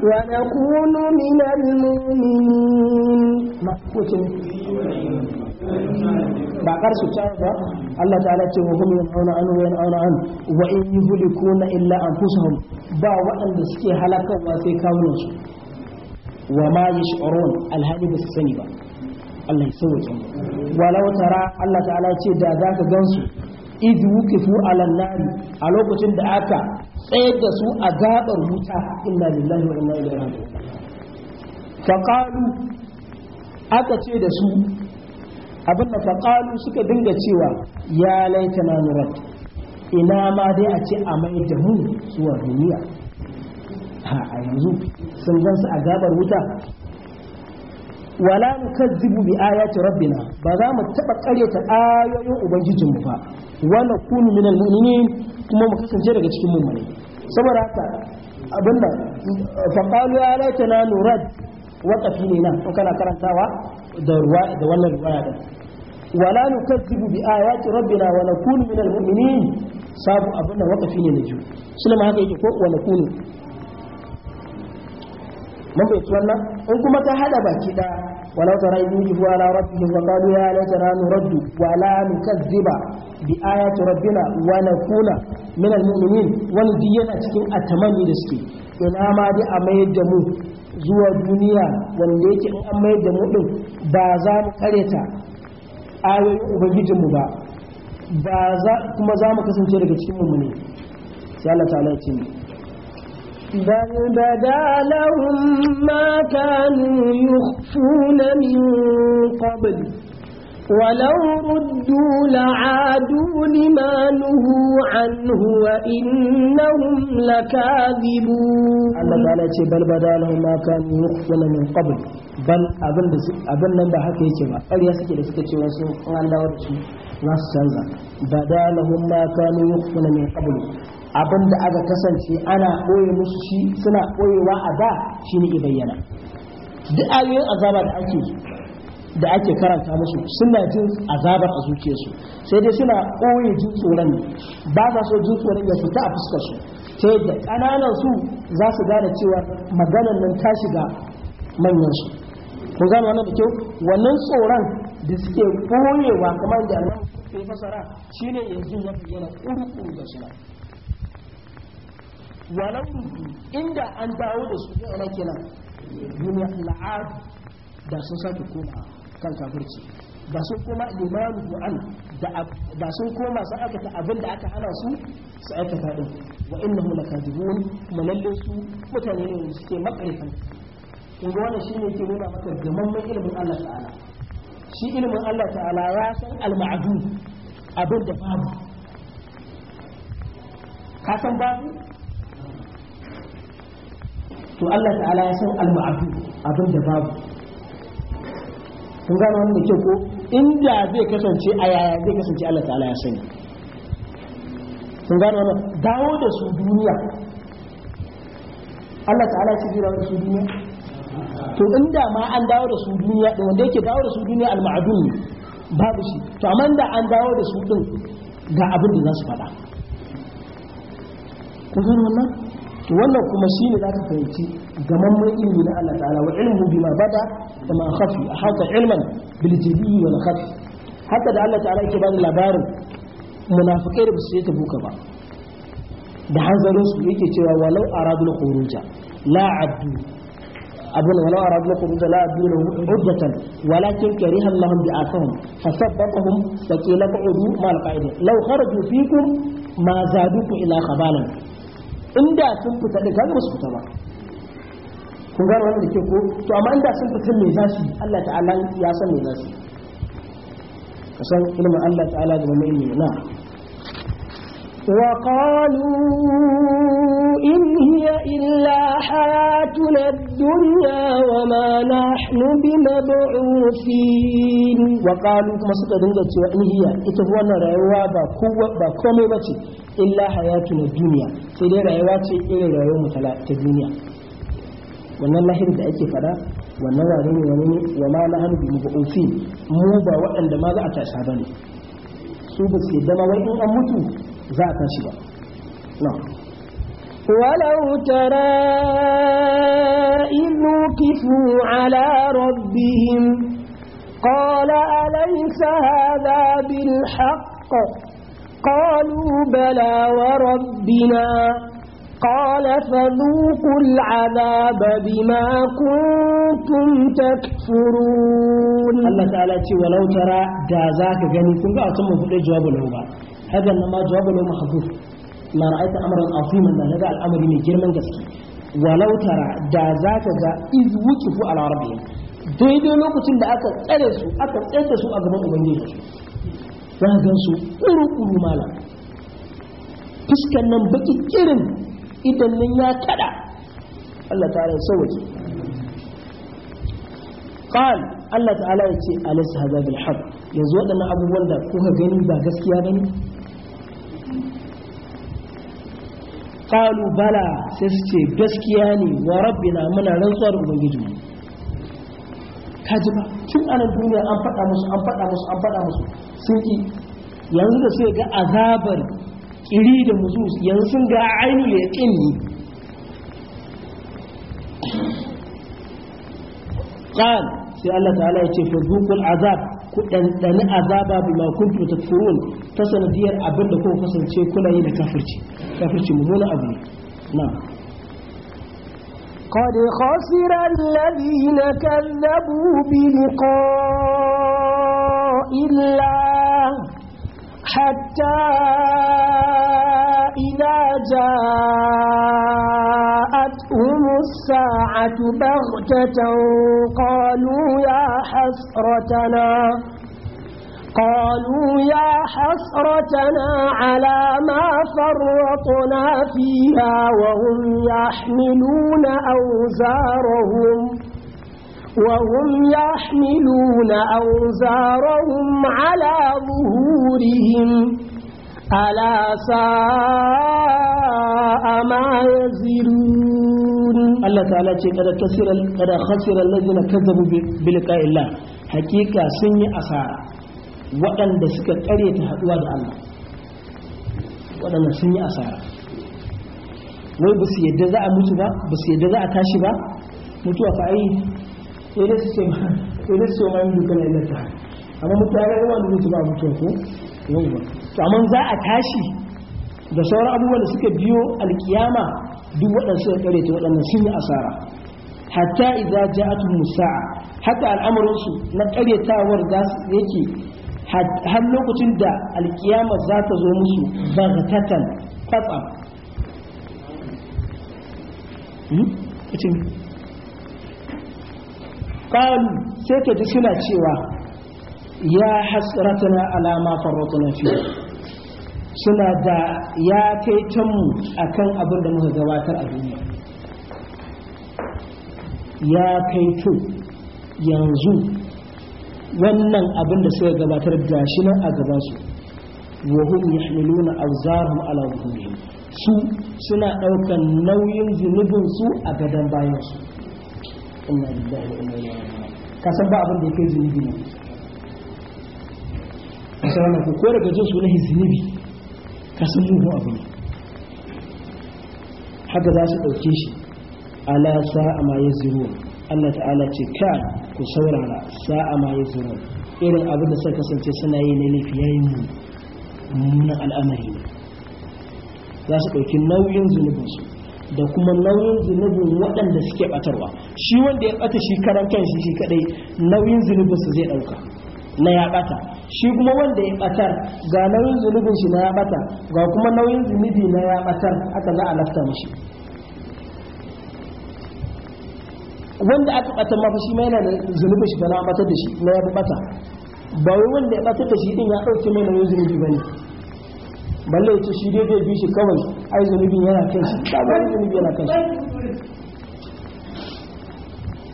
ونكون من المؤمنين ba su can ba Allah ta'ala ce wa hum yanhauna anhu wa yanhauna an wa in yuhlikuna illa anfusahum ba waɗanda suke halakarwa sai kawunan su wa ma yash'urun alhali ba su sani ba Allah ya sauke walau tara Allah ta'ala ce da zaka gansu idh wukifu ala an a lokacin da aka tsayar da su a gabar wuta inna lillahi wa inna ilaihi raji'un faqalu aka ce da su abin da faƙalu suka dinga cewa ya laita na nurat ina ma dai a ce a mai da mu zuwa duniya ha a yanzu sun gansu a gabar wuta wala nukazzibu bi ayati rabbina ba za mu taba karyata ayoyin ubangijin mu fa wala kunu min almu'minin kuma mu kasance daga cikin mu'mini saboda haka abinda fa qalu ya laitana nurad waqafi ne nan kana karantawa da wannan riwaya wala nukazzibu bi ayati rabbina wa nakunu min al sabu abin da wakafi ne na ju sulama haka yake ko wa nakunu mun bai tuwanna in kuma ta hada baki da wala tara idu bi wala rabbihim wa qalu ya laitana nuraddu wa la nukazziba bi ayati rabbina wa nakuna min al-mu'minin wal diyana cikin atamani da suke ina ma dai a mayar da mu zuwa duniya wanda yake in an mayar da mu ba za mu kareta ayoyin ubangijinmu ba ba kuma za mu kasance daga cikin mu ne sai Allah ta'ala ya ce بل بدا لهم ما كانوا يخفون من قبل ولو ردوا لعادوا لما نهوا عنه وإنهم لكاذبون الله تعالى بل بدا لهم ما كانوا يخفون من قبل بل أبن لن نبا يتبع أريا يسكي لسكي تشوى سوء وأن دور ناس تنزع بدا لهم ما كانوا يخفون من قبل abin da aka kasance أنا أوي مشي سنة أوي وعدا شيني إبينا shi ne bayyana duk da ake karanta musu suna jin azabar a zuciyarsu sai dai suna ɓoye jin tsoron ba za so jin tsoron ya fita a fuskar su ta yadda ƙananan su za su gane cewa maganar nan ta shiga manyan su ko gane wannan da kyau wannan tsoron da suke koyewa kamar da Allah ya fasara shine yanzu ya yana ƙurƙuru da shi walau inda an dawo da su ne kenan duniya al'ad da sun sake komawa kan kafirci ba sun koma limanu an da sun koma sun aikata abin da aka hana su su aikata din wa innahu lakadibun kuma lalle su mutane ne suke makarifan in ga wannan shine ke nuna maka gamamman ilimin Allah ta'ala shi ilimin Allah ta'ala ya san al-ma'du abin da babu ka san babu to Allah ta'ala ya san al-ma'du abin da babu kun gano wannan ke ko inda zai kasance a yaya zai kasance Allah ta'ala ya sani kun gano wannan dawo da su duniya Allah ta'ala ya ce jira wani su duniya to inda ma an dawo da su duniya da wanda yake dawo da su duniya al-ma'dun babu shi to amma da an dawo da su din ga abin da za su faɗa kun gano wannan wannan kuma shi ne za ka fahimci mai ilimi na Allah ta'ala wa ilmu bima bada da ma khafi a haka ilman bil jali wal khafi haka da Allah ta'ala yake bada labarin munafikai da su ta buka ba da hanzarin su yake cewa walau aradul khuruja la abdu abun walau aradul khuruja la addu lahu uddatan walakin kariha Allah bi asahum fasabbaqahum wa qila ba'udu mal qa'idin law kharaju fikum ma zadukum ila khabalan inda sun fita da kaga su fita ba kun gano wannan da ke ko to amma inda sun fita me za su Allah ta'ala ya san me za su ka san ilmin Allah ta'ala da mai ilmi na wa qalu إن هي إلا حياتنا الدنيا وما نحن بمبعوثين وقالوا كما سكدنجا cewa in hiya ita wannan rayuwa ba kowa ba komai bace illa hayatuna duniya sai dai rayuwa ce irin mu duniya wannan lahir da ake fada wannan wane ne wani ne wa ma na hannu mu ba'ufi mu ba waɗanda ma za a tasha bane su ba su yadda ma wai in an mutu za a tashi ba ولو ترى إذ وقفوا على ربهم قال أليس هذا بالحق قالوا بلى وربنا قال فذوقوا العذاب بما كنتم تكفرون الله تعالى ولو ترى جازاك ذاك غني كنت جواب الأوبا هذا لما جواب الأوبا محذوف la ra'aita amran aziman da naga al'amari mai girman gaske walau tara da ka ga iz wuqifu al rabbihim daidai lokacin da aka tsare su aka tsaye su a gaban ubangiji za ka gan su kuru-kuru malam fuskan nan baki kirin idan nan ya kada Allah ta rai sauwaki qal Allah ta'ala ya ce alaysa hadha bil haqq yanzu waɗannan abubuwan da kuka gani ba gaskiya bane qalu bala sai su ce gaskiya ne wa rabbina muna rantsuwa da ubangiji mu kaji ba tun anan duniya an faɗa musu an faɗa musu an faɗa musu sun ki yanzu da sai ga azabar kiri da musu yanzu sun ga ainul yaqin ne qal sai Allah ta'ala ya ce fa azab ku ɗanɗani azaba bi ma kuntu takfurun ta sanadiyar abin da kuka kasance kuna yi da kafirci kafirci mummunan abu ne na'am قد خسر الذين كذبوا بلقاء الله حتى إذا جاء جاءتهم الساعة بغتة قالوا يا حسرتنا قالوا يا حسرتنا على ما فرطنا فيها وهم يحملون أوزارهم وهم يحملون أوزارهم على ظهورهم ألا ساء ما يزلون Allah ta'ala ce kada kasira kada khasira alladhina kazzabu bi liqa'illah hakika sun yi asara waɗanda suka kare ta haduwa da Allah waɗanda sun yi asara wai ba su yadda za a mutu ba ba su yadda za a tashi ba mutuwa fa ai sai dai su ce ma sai dai su ce ma yin dukkan illa ta amma mutuwa ba yawa mutu ba mutuwa ko yau ba to amma za a tashi da sauran abubuwan da suka biyo alkiyama duk waɗansu da kare ta waɗannan sun yi asara hatta idza ja'atuhum musa'a haka al'amarin su na ƙaryatawar za yake har lokacin da alkiyama za ta zo musu baghtatan kwatsam hmm? qalu sai ka ji suna cewa ya hasratana alama ma farratna suna da ya kai canmu a kan abin da muka gabatar a duniya ya kai to yanzu wannan abin da suka gabatar da shi nan a gaba gabansu wahum yahmiluna awzarhum ala wuhumihim su suna daukan nauyin zunubinsu a gadon bayansu inna lillahi wa inna ilaihi ka san ba abin da yake zunubi ne sai wannan ko daga jin sunan zunubi kasan abu ne haka za su ɗauke shi ala sa'a ma ya Allah ta'ala ce ka ku saurara sa'a ma ya irin abin da suka kasance suna yi ne laifi mu mun al'amari ne za su ɗauki nauyin zunubinsu da kuma nauyin zunubin waɗanda suke ɓatarwa shi wanda ya ɓata shi karan kan shi shi kaɗai nauyin su zai ɗauka na ya ɓata shi kuma wanda ya batar ga nauyin zunubin shi na ya bata ga kuma nauyin zunubi na ya batar aka za a lafta mishi wanda aka batar ma shi ma yana da zunubin shi na batar da shi na ya bata ba wai wanda ya batar da shi din ya dauke mai nauyin zunubi bane balle ya ce shi dai bai bi shi kawai ai zunubin yana kan shi kawai ba zunubi yana kan shi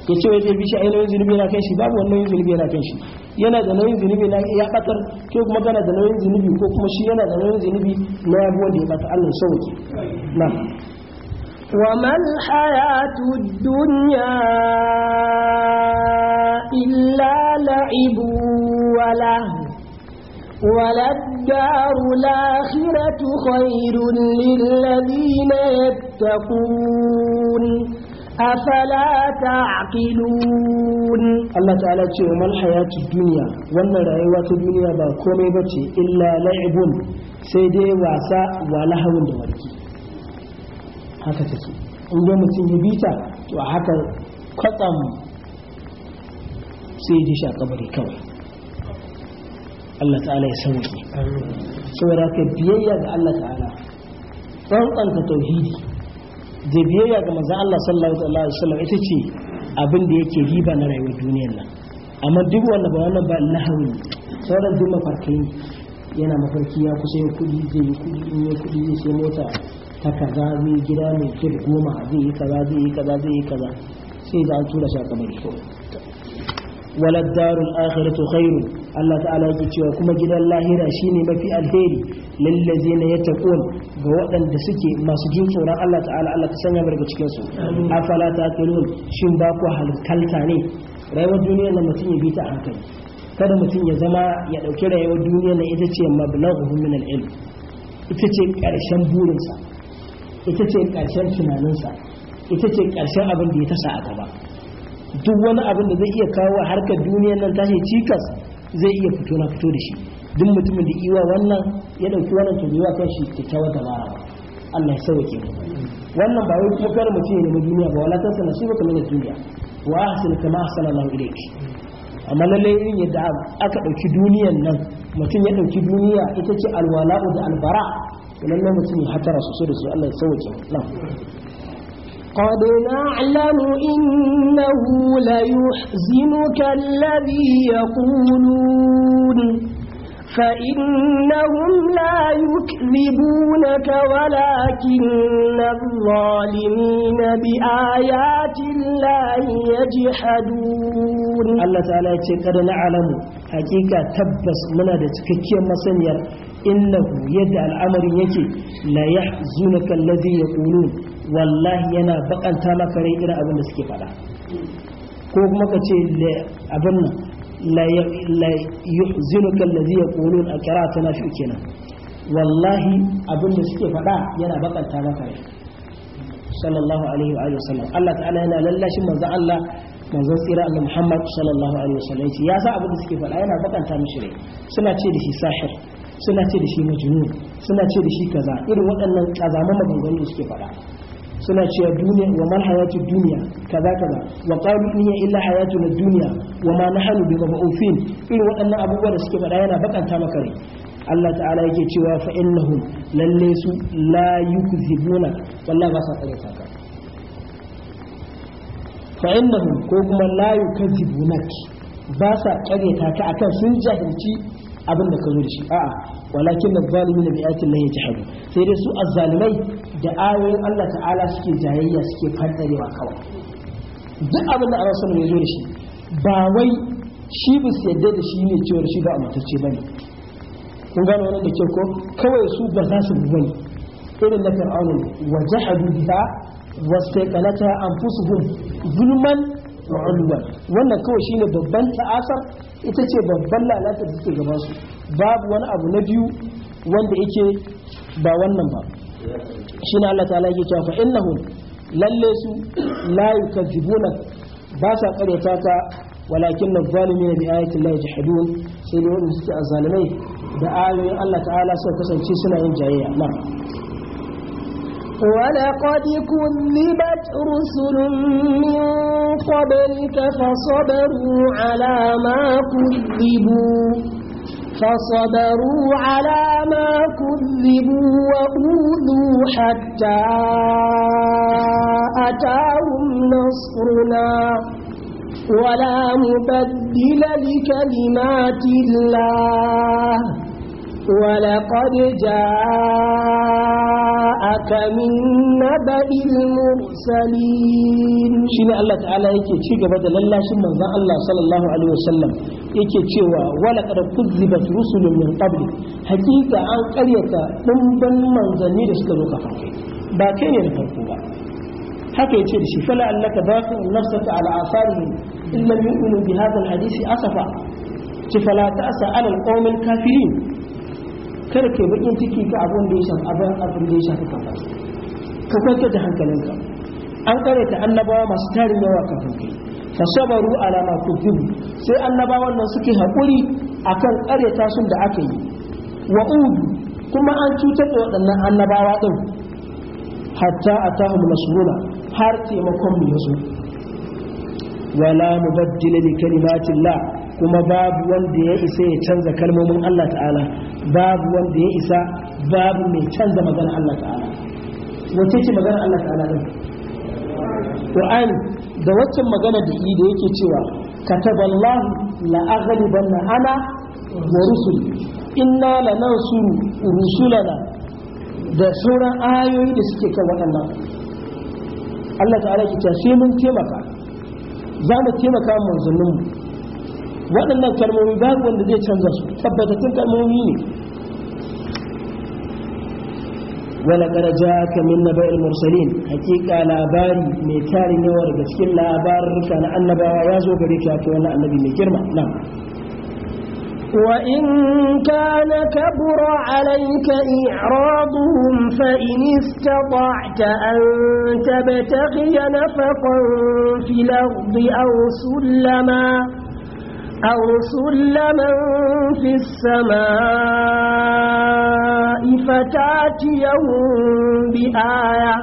ya ce wai zai bi shi ai nauyin zunubi yana kan shi babu wannan zunubi yana kan shi yana da nauyin zunubi na ya katar ke kuma gana da nauyin zunubi ko kuma shi yana da nauyin zunubi na ya da ya bata allon sauki na وما الحياة الدنيا إلا لعب ولهو وللدار الآخرة خير للذين يتقون afala ta'qilun Allah ta'ala ce wa mal hayatu duniya wannan rayuwa ta duniya ba komai bace illa la'ibun sai dai wasa wa lahawun da warki haka take in ga mutum ya bita to a haka kwatsam sai ya ji shi kawai Allah ta'ala ya ka biyayya ga Allah ta'ala tauhidi da biyayya ga manzon Allah sallallahu alaihi wasallam ita ce abin da yake riba na rayuwar duniyar nan amma duk wanda ba wannan ba lahawi sauran duk mafarkai yana mafarki ya kusa yin kudi zai yi kudi in yi kudi zai sai mota ta kaza zai gida mai kiri goma zai yi kaza zai yi kaza zai yi kaza sai da a tura shi a kyau. wala darul akhiratu Allah ta'ala yake cewa kuma gidan lahira shine mafi alheri lillazina yattaqun ga waɗanda suke masu jin tsoron Allah ta'ala Allah ta sanya daga cikin su afala taqilun shin ba ku halkalta ne rayuwar duniya na mutum ya bi ta hankali kada mutum ya zama ya dauki rayuwar duniya na ita ce mablaghu min al-ilm ita ce karshen burinsa ita ce karshen tunaninsa ita ce karshen abin da ya tasa a gaba duk wani abin da zai iya kawo harkar duniyar nan tashi cikas zai iya fito na fito da shi duk mutumin da iwa wannan ya dauki wannan to biwa kan shi kyakkyawar dabara Allah ya sauke wannan ba wai kuma kar mu ce ne duniya ba wala shi ba kamar da duniya wa ahsin kama ahsana Allah ilayk amma lalle irin yadda aka dauki duniyan nan mutum ya dauki duniya ita ce alwala'u da albara lalle mutum ya hatara sosai da su Allah ya sauke nan? قد نعلم إنه ليحزنك الذي يقولون فإنهم لا يكذبونك ولكن الظالمين بآيات الله يجحدون الله تعالى قد نعلم حقيقة تبس من هذا تككي مصنير إنه يدع الأمر يكي لا يحزنك الذي يقولون wallahi yana bakanta maka rai irin abin da suke faɗa ko kuma ka ce abin nan la yuhzinuka allazi yaqulun a qira'atu nafi kenan wallahi abin da suke faɗa yana bakanta maka rai sallallahu alaihi wa sallam Allah ta'ala yana lallashin manzo Allah manzon tsira Allah Muhammad sallallahu alaihi wa sallam ya sa abin da suke faɗa yana bakanta mishi rai suna ce da shi sahir suna ce da shi majnun suna ce da shi kaza irin waɗannan kazaman maganganu da suke faɗa suna cewa duniya wa mal hayatu duniya kaza kaza wa qalu in hiya illa na duniya wa ma nahnu bi mab'ufin irin waɗannan abubuwa da suke faɗa yana bakanta maka rai Allah ta'ala yake cewa fa innahum lalle su la yukzibuna wallahi ba sa tsare saka fa innahum ko kuma la yukzibunak ba sa tsare ka akan sun jahilci abin da ka zo da shi a'a walakin na bi ayatin lahi jahadu sai dai su azzalimai da ayoyin Allah ta'ala suke jayayya suke fantarewa kawai duk abin da Allah sanin ya zo da shi ba wai shi bis yadda da shi ne cewa shi ba amintacce bane kun gano wannan da ke ko kawai su ba za su bane irin na fir'aun wa jahadu biha an anfusuhum zulman wa'uluwan wannan kawai shine babban ta'asar ita ce babban lalata da suke gaban su babu wani abu na biyu wanda yake ba wannan ba shine Allah ta'ala yake cewa fa innahum lalle su la jibuna ba sa karyata ka walakin zalimin bi ayati Allah yajhadun sai ne wanda suke azalimai da ayoyin Allah ta'ala suka kasance suna yin jayayya na'am ولقد كذبت رسل من قبلك فصبروا على ما كذبوا فصبروا على ما كذبوا وأوذوا حتى أتاهم نصرنا ولا مبدل لكلمات الله ولقد جاءك من نبأ المرسلين شين الله تعالى yake ci gaba da lallashin manzon Allah sallallahu alaihi wasallam yake cewa walaqad kuzzibat rusulun min qabli hakika an karyata dumban manzanni da suka zo kafin ba kai ne da farko ba haka yace da shi fala annaka baqi nafsaka ala asarihim in yu'minu bi hadha alhadisi asafa ci fala ta'sa ala alkafirin kada kai bakin ciki ka abin da ya shafi abin abin da ya shafi ka kwantar da hankalinka an kare ta annabawa masu tarin yawa kafin kai fa sabaru ala ma sai annabawan nan suke hakuri akan kare ta sun da aka yi wa udu kuma an cutar da waɗannan annabawa din hatta atahum nasruna har taimakon mu yazo wala mubaddila li kalimatillah kuma babu wanda ya isa ya canza kalmomin Allah ta'ala babu wanda ya isa babu mai canza magana Allah ta'ala wace ce magana Allah ta'ala ne? Qur'ani da waccan magana da yi da yake cewa kataballahu la aghlibanna ana wa rusuli inna lanansuru rusulana da sauran ayoyi da suke kan waɗannan Allah ta'ala ke cewa sai mun taimaka za mu taimaka manzanninmu waɗannan kalmomi babu wanda zai canza su tabbatattun kalmomi ne wala karaja ka min naba'il mursalin hakika labari mai tarin yawa daga cikin labarurka na annabawa ya zo gare ka ta wani annabi mai girma nan وإن كان كبر عليك إعراضهم فإن استطعت أن تبتغي نفقا في الأرض أو سلما أو سلما في السماء فتاتيهم بآية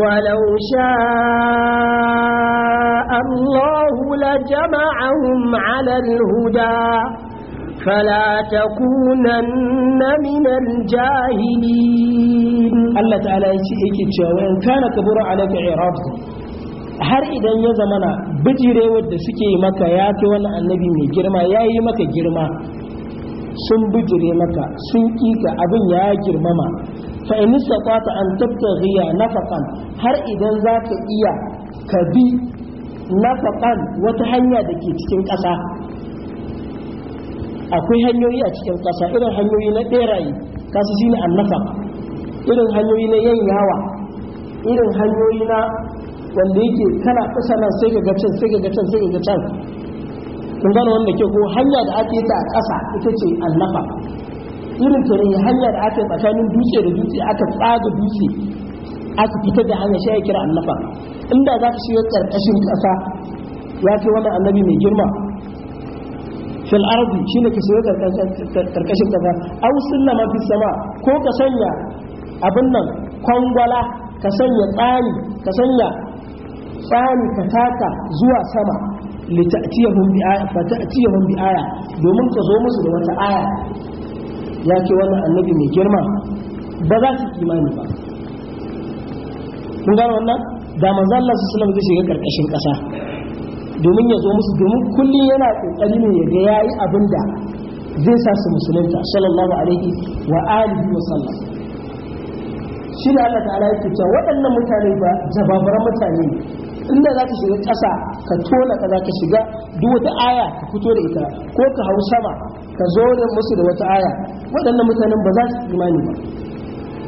ولو شاء الله لجمعهم على الهدى فلا تكونن من الجاهلين الله تعالى يكي وإن كان كبر عليك عراضه har idan ya zama na bijirewar da suke yi maka ya fi wani annabi mai girma ya yi maka girma sun bijire maka sun kika abin ya girmama fa in an tabtaghiya nafaqan har idan za ka iya ka bi nafaqan wata hanya da ke cikin ƙasa akwai hanyoyi a cikin ƙasa irin hanyoyi na ɓeraye kasu shine annafa irin hanyoyi na yawa irin hanyoyi na wanda yake kana kusa nan sai ga gacin sai ga gacin sai ga gacin kun gano wanda ke ko hanya da ake ta a ƙasa ita ce allafa irin ta ne hanya da aka tsakanin dutse da dutse aka tsaga dutse aka fita da hanya shi ya kira allafa inda za ka shiga ƙarƙashin ƙasa ya ce wannan annabi mai girma fil ardi shine ka shiga karkashin kasa aw sallama fi sama ko ka sanya abin nan kwangwala ka sanya tsani ka sanya tsani ka taka zuwa sama lita'tiyahum bi aya domin ka zo musu da wata aya ya ke wannan annabi mai girma ba za su kimani ba kun gano wannan da manzo Allah sallallahu zai shiga karkashin kasa domin ya zo musu domin kullum yana kokari ne ya ga yayi abin da zai sa su musulunta sallallahu alaihi wa alihi wa sallam shi da Allah ta'ala yake cewa waɗannan mutane ba jababaran mutane ne inda za ka shiga ƙasa ka tona ka za ka shiga duk wata aya ka fito da ita ko ka hau sama ka zo da musu da wata aya waɗannan mutanen ba za su imani ba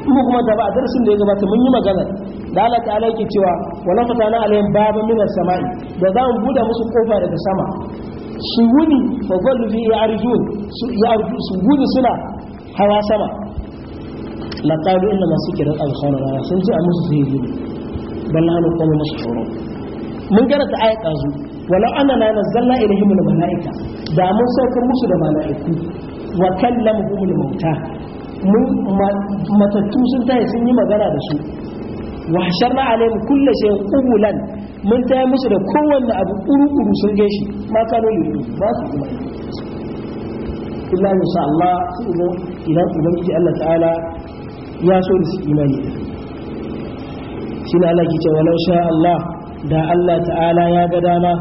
kuma kuma da ba a darasin da ya gabata mun yi magana da Allah ta'ala yake cewa wala fatana alayhim baban minar sama'i da za mu buɗe musu kofa daga sama su wuni fa gwallu fi arzikin su su wuni suna hawa sama laqalu inna masikira al-khawra sun ji a musu sihiri bal mun karanta ayat dazu walau annana nazzalna ilaihim almalaika da mun sauka musu da malaiku wa kallamuhum almauta mun matattu sun tayi sun yi magana da su wa hasharna alaihim kullu shay'in qubulan mun tayi musu da kowanne abu kuru-kuru sun gaishe ma kano yi ba su kuma illa insha Allah idan ubangiji Allah ta'ala ya so da su imani shi ne Allah ke cewa lau sha Allah da Allah ta'ala ya ga dama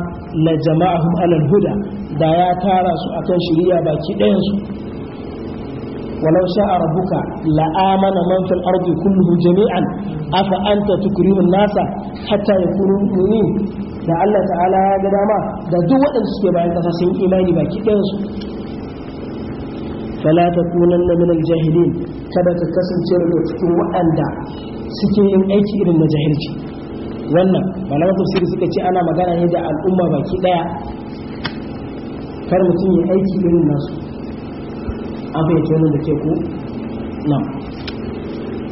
la jama'ahum alal huda da ya tara su akan shiriya baki ɗayan su walau sha'a rabbuka la amana man fil ardi jami'an afa anta tukrimu nasa hatta yakunu mu'minin da Allah ta'ala ya ga dama da duk waɗanda suke bayan kasa sun imani baki ɗayan su fala takunanna min al-jahilin kada ka kasance daga cikin waɗanda suke yin aiki irin na jahilci wannan malaman tafsiri suka ce ana magana ne da al'umma baki daya kar mutum ya aiki irin nasu an fahimci wannan da ke ku nan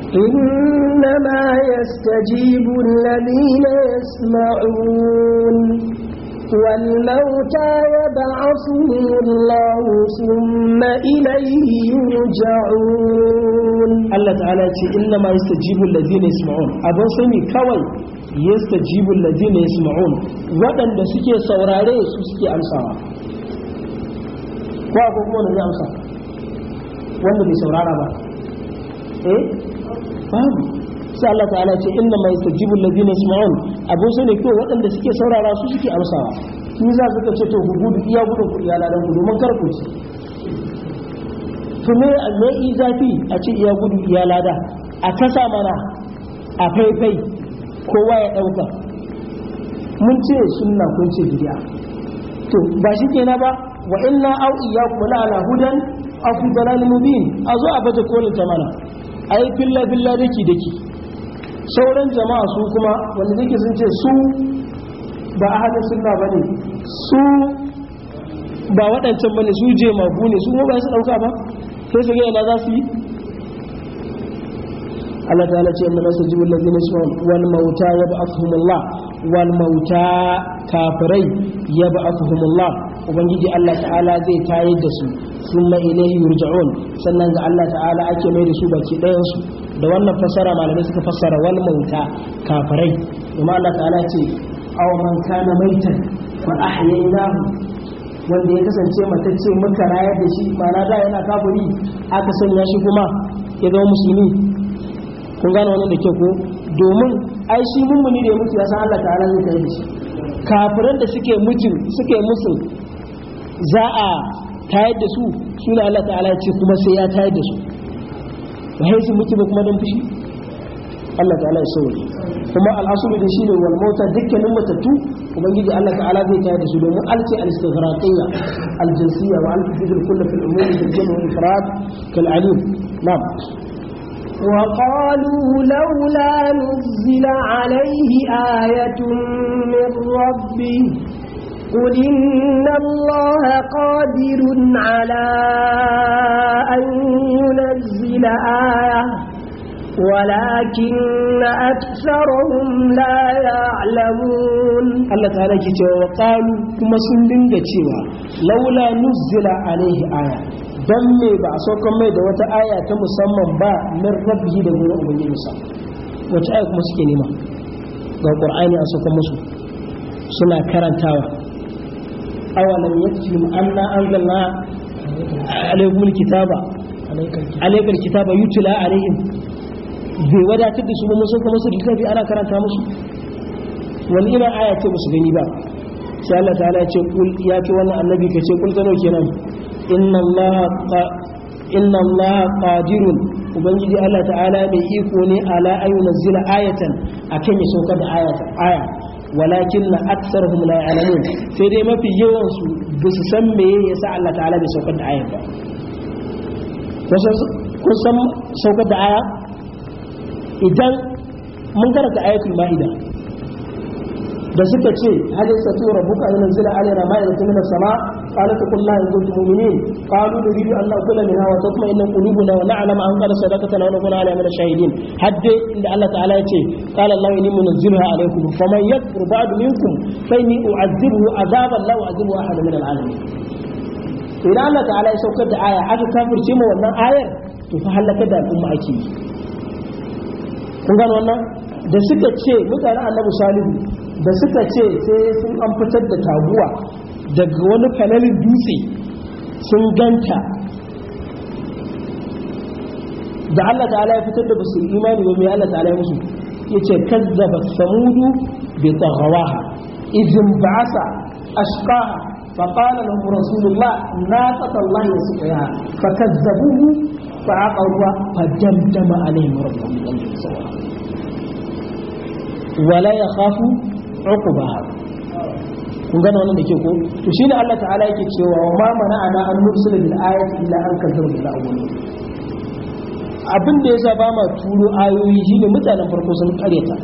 إنما يستجيب الذين يسمعون والموتى يبعثهم الله ثم إليه يرجعون الله تعالى إنما يستجيب الذين يسمعون أبو سمي كوي yastajibu alladhina yasma'un waɗanda suke saurare su suke amsawa ko akwai kuma wanda zai amsa wanda bai saurara ba eh babu sai Allah ta'ala ce inna ma yastajibu alladhina yasma'un abun ne ko waɗanda suke saurara su suke amsawa ni za su ce to ku gudu iya gudun ku iya ladan ku domin kar ku ci to me me zafi a ce iya gudu iya lada a kasa mana a faifai kowa ya ɗauka mun ce sunna kun ce bid'a to ba shi kenan ba wa inna au’i iyyakum la ala hudan aw fi na mubin a zo a baje kolin ta mana ai billa billa dake dake sauran jama'a su kuma wanda dake sun ce su ba suna sunna bane su ba waɗancan bane su je magu ne su ba su ɗauka ba sai su ga yana za su yi Allah ta'ala ce mun nasu jiwul ladina yashfa'un wal mauta yab'athuhumullah wal mauta kafirai ya yab'athuhumullah ubangiji Allah ta'ala zai tayar da su summa ilaihi yurja'un sannan ga Allah ta'ala ake mai da su baki ɗayan su da wannan fassara malamai suka fassara wal mauta kafirai kuma Allah ta'ala ce aw man kana maitan fa ahyaynahu wanda ya kasance matacce muka rayar da shi ba na da yana kafiri aka sanya shi kuma ya zama musulmi kun gane wannan da ke ko domin ai shi mummuni da ya mutu ya san Allah ta'ala zai tare da shi kafiran da suke mutu suke musu za a tayar da su su da Allah ta'ala ce kuma sai ya tayar da su ba sai su mutu ba kuma dan fushi Allah ta'ala ya sauri kuma al'asulu da shi ne wal mota dukkanin matattu ubangiji Allah ta'ala zai tayar da su domin alki al-istighraqiyya al-jinsiyya wa al-fidil kullu fil umuri bil jinn wal ifrat kal alim na'am وقالوا لولا نزل عليه آية من ربه قل إن الله قادر على أن ينزل آية ولكن أكثرهم لا يعلمون الله تعالى كتاب وقالوا كما سندن لولا نزل عليه آية dan me ba a saukan mai da wata aya ta musamman ba min rabbi da gurin musa? wace aya kuma suke nema ga qur'ani a saukan musu suna karantawa awalam mu anna anzalna alaykum alkitaba alaykum kitaba yutla alayhim bai wadatar da su ba musu kuma su ana karanta musu wani irin aya ce musu gani ba sai Allah ta'ala ya ce kul ya ce wannan annabi ka ce kul tano kenan inna Allah qadirun ubangiji Allah ta'ala bai iko ne ala an yunzila ayatan akan ya saukar da ayata aya walakin na aktsaruhum la ya'lamun sai dai mafi yawan su ba su san me yasa Allah ta'ala bai saukar da aya ba kun san saukar da aya idan mun karanta ayatul ma'ida da suka ce hadin satu rabbuka an zila alayna ma'idatan min as-sama' قالت قلنا إن كنتم مؤمنين قالوا نريد أن نأكل منها وتطمئن قلوبنا ونعلم أن قد صدقتنا ونكون عليها من الشاهدين حد إن الله تعالى يتي قال الله إني منزلها عليكم فمن يكفر بعد منكم فإني أعذبه عذابا لا أعذبه أحدا من العالمين idan Allah ta'ala ya saukar da aya aka kafirce mu wannan ayar to fa halaka da al'umma ake yi kun gano wannan da suka ce mutanen annabi salihu da suka ce sai sun an fitar da taguwa daga wani falalin dutse sun ganta da Allah ta'ala ya fitar da basu imani ba mai Allah ta'ala ya musu yace kazzaba samudu bi taghawaha idin ba'asa ashqaha fa qala lahum rasulullah naqata Allah yasqiha fakazzabuhu fa aqwa fa damdama alaihim rabbuhum bi dhanbihim sawaa wa la yakhafu 'uqbaha kun gane wannan da ke ko to shine Allah ta'ala yake cewa wa ma mana ana an nursila bil ayati illa an kadzaba bil awwalin abin da yasa ba ma turo ayoyi shine mutanen farko sun kareta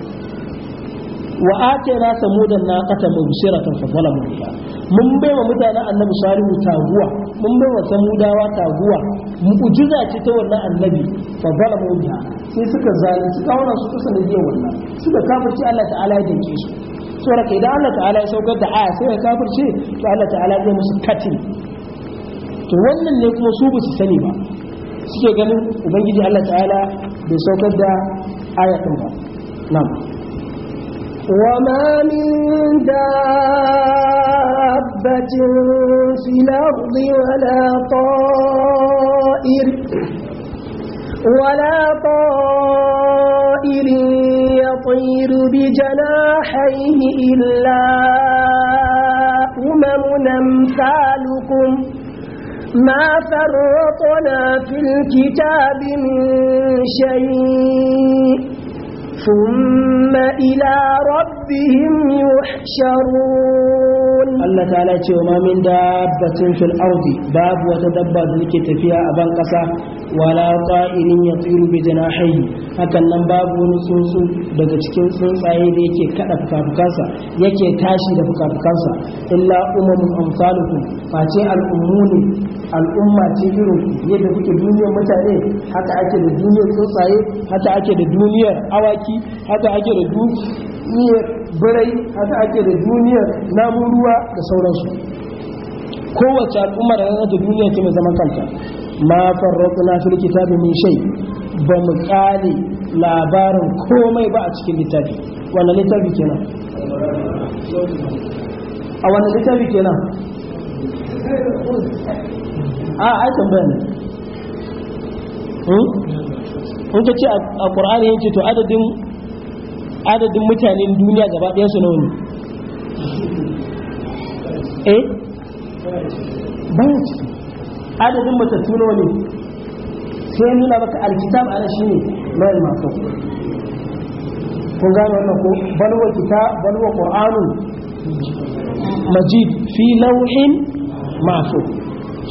wa atayna samudan naqata mubsiratan fa zalamu biha mun bai wa mutanen annabi salihu taguwa mun bai wa samudawa taguwa mu'jiza ce ta wannan annabi fa zalamu biha sai suka zalunci kawunan su ta sanadiyar wannan suka kafirci Allah ta'ala ya dinke su sai raka idan Allah ta'ala ya saukar da aya sai ya kafirce to Allah ta'ala zai musu katin to wannan ne kuma su basu sani ba suke ganin ubangiji Allah ta'ala bai saukar da aya din ba na'am وما من دابة في الأرض ولا طائر ولا طائر يطير بجناحيه إلا أمم أمثالكم ما فرطنا في الكتاب من شيء ثم إلى رب ربهم يحشرون الله تعالى وما من دابة في الأرض باب وتدبى ذلك تفيا أبان قصا ولا طائر hakan nan babu wani tsuntsu daga cikin tsuntsaye da yake kada fukafukansa yake tashi da fukafukansa illa umamun amsalukum face al'ummu ne al'umma ce irin yadda kuke duniyar mutane haka ake da duniyar tsuntsaye haka ake da duniyar awaki haka ake da miyar birai da ake da duniyar namun ruwa da sauransu kowace al'ummar da ta duniya ce mai zaman kanta ma farraku na likita da mun shai ba mu kale labarin komai ba a cikin littafi wannan littafi kenan a wannan littafi kenan a aikin bayan Hmm? in ka ce a ƙur'ani yake to adadin adadin mutanen duniya gaba ɗaya su nauni eh baya ciki adadin matattu nawa ne sai nuna maka alkitab ana shi ne lawal masu kun gane wannan ko balwa kita balwa qur'anu majid fi lawhin masu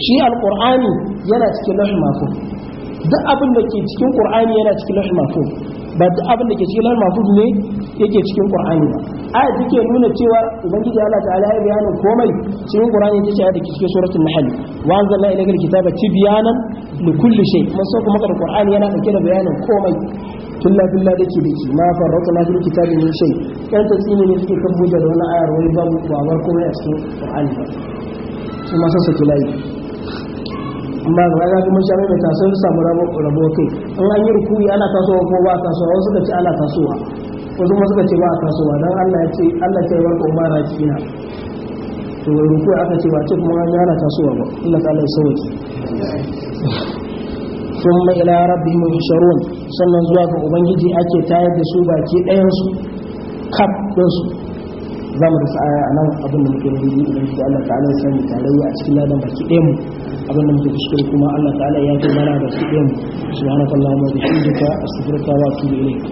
shi alqur'ani yana cikin lawhin masu duk abin da ke cikin qur'ani yana cikin lawhin masu ba ta abin da ke cikin lahul mahfuz ne yake cikin qur'ani ba aya take nuna cewa ubangiji Allah ta'ala ya bayanin komai cikin qur'ani ta aya da cikin suratul nahl wa anzalna ilayka alkitaba tibyanan li kulli shay mun so kuma qur'ani yana dauke da bayanin komai Tullafin billa da ke dake ma farrauta na fil kitabi min shay kan ta tsini ne suke kan da wani ayar wani babu ba bar komai a cikin qur'ani ba su ma sassa ba ga ya kuma shamai da taso su samu rabo kai in an yi rukuyi ana tasowa ko ba tasowa wasu ka ce ana tasowa wasu kuma suka ce ba a tasowa Dan Allah ya ce Allah ta yi warka umara kina to rukuyi aka ce ba ce kuma an ana tasowa ba Allah ta Allah ya sauki ثم إلى ربهم يحشرون sannan zuwa ga ubangiji ake tayar da su baki ɗayan su kaf ɗin su za mu da sa'aya a nan abin da muke da idan Allah ta'ala ya sani tarayya a cikin ladan baki ɗaya mu abin da muke kuskure kuma Allah ta'ala ya kai mana da su ɗin subhanakallahumma wa bihamdika astaghfiruka wa atubu ilayk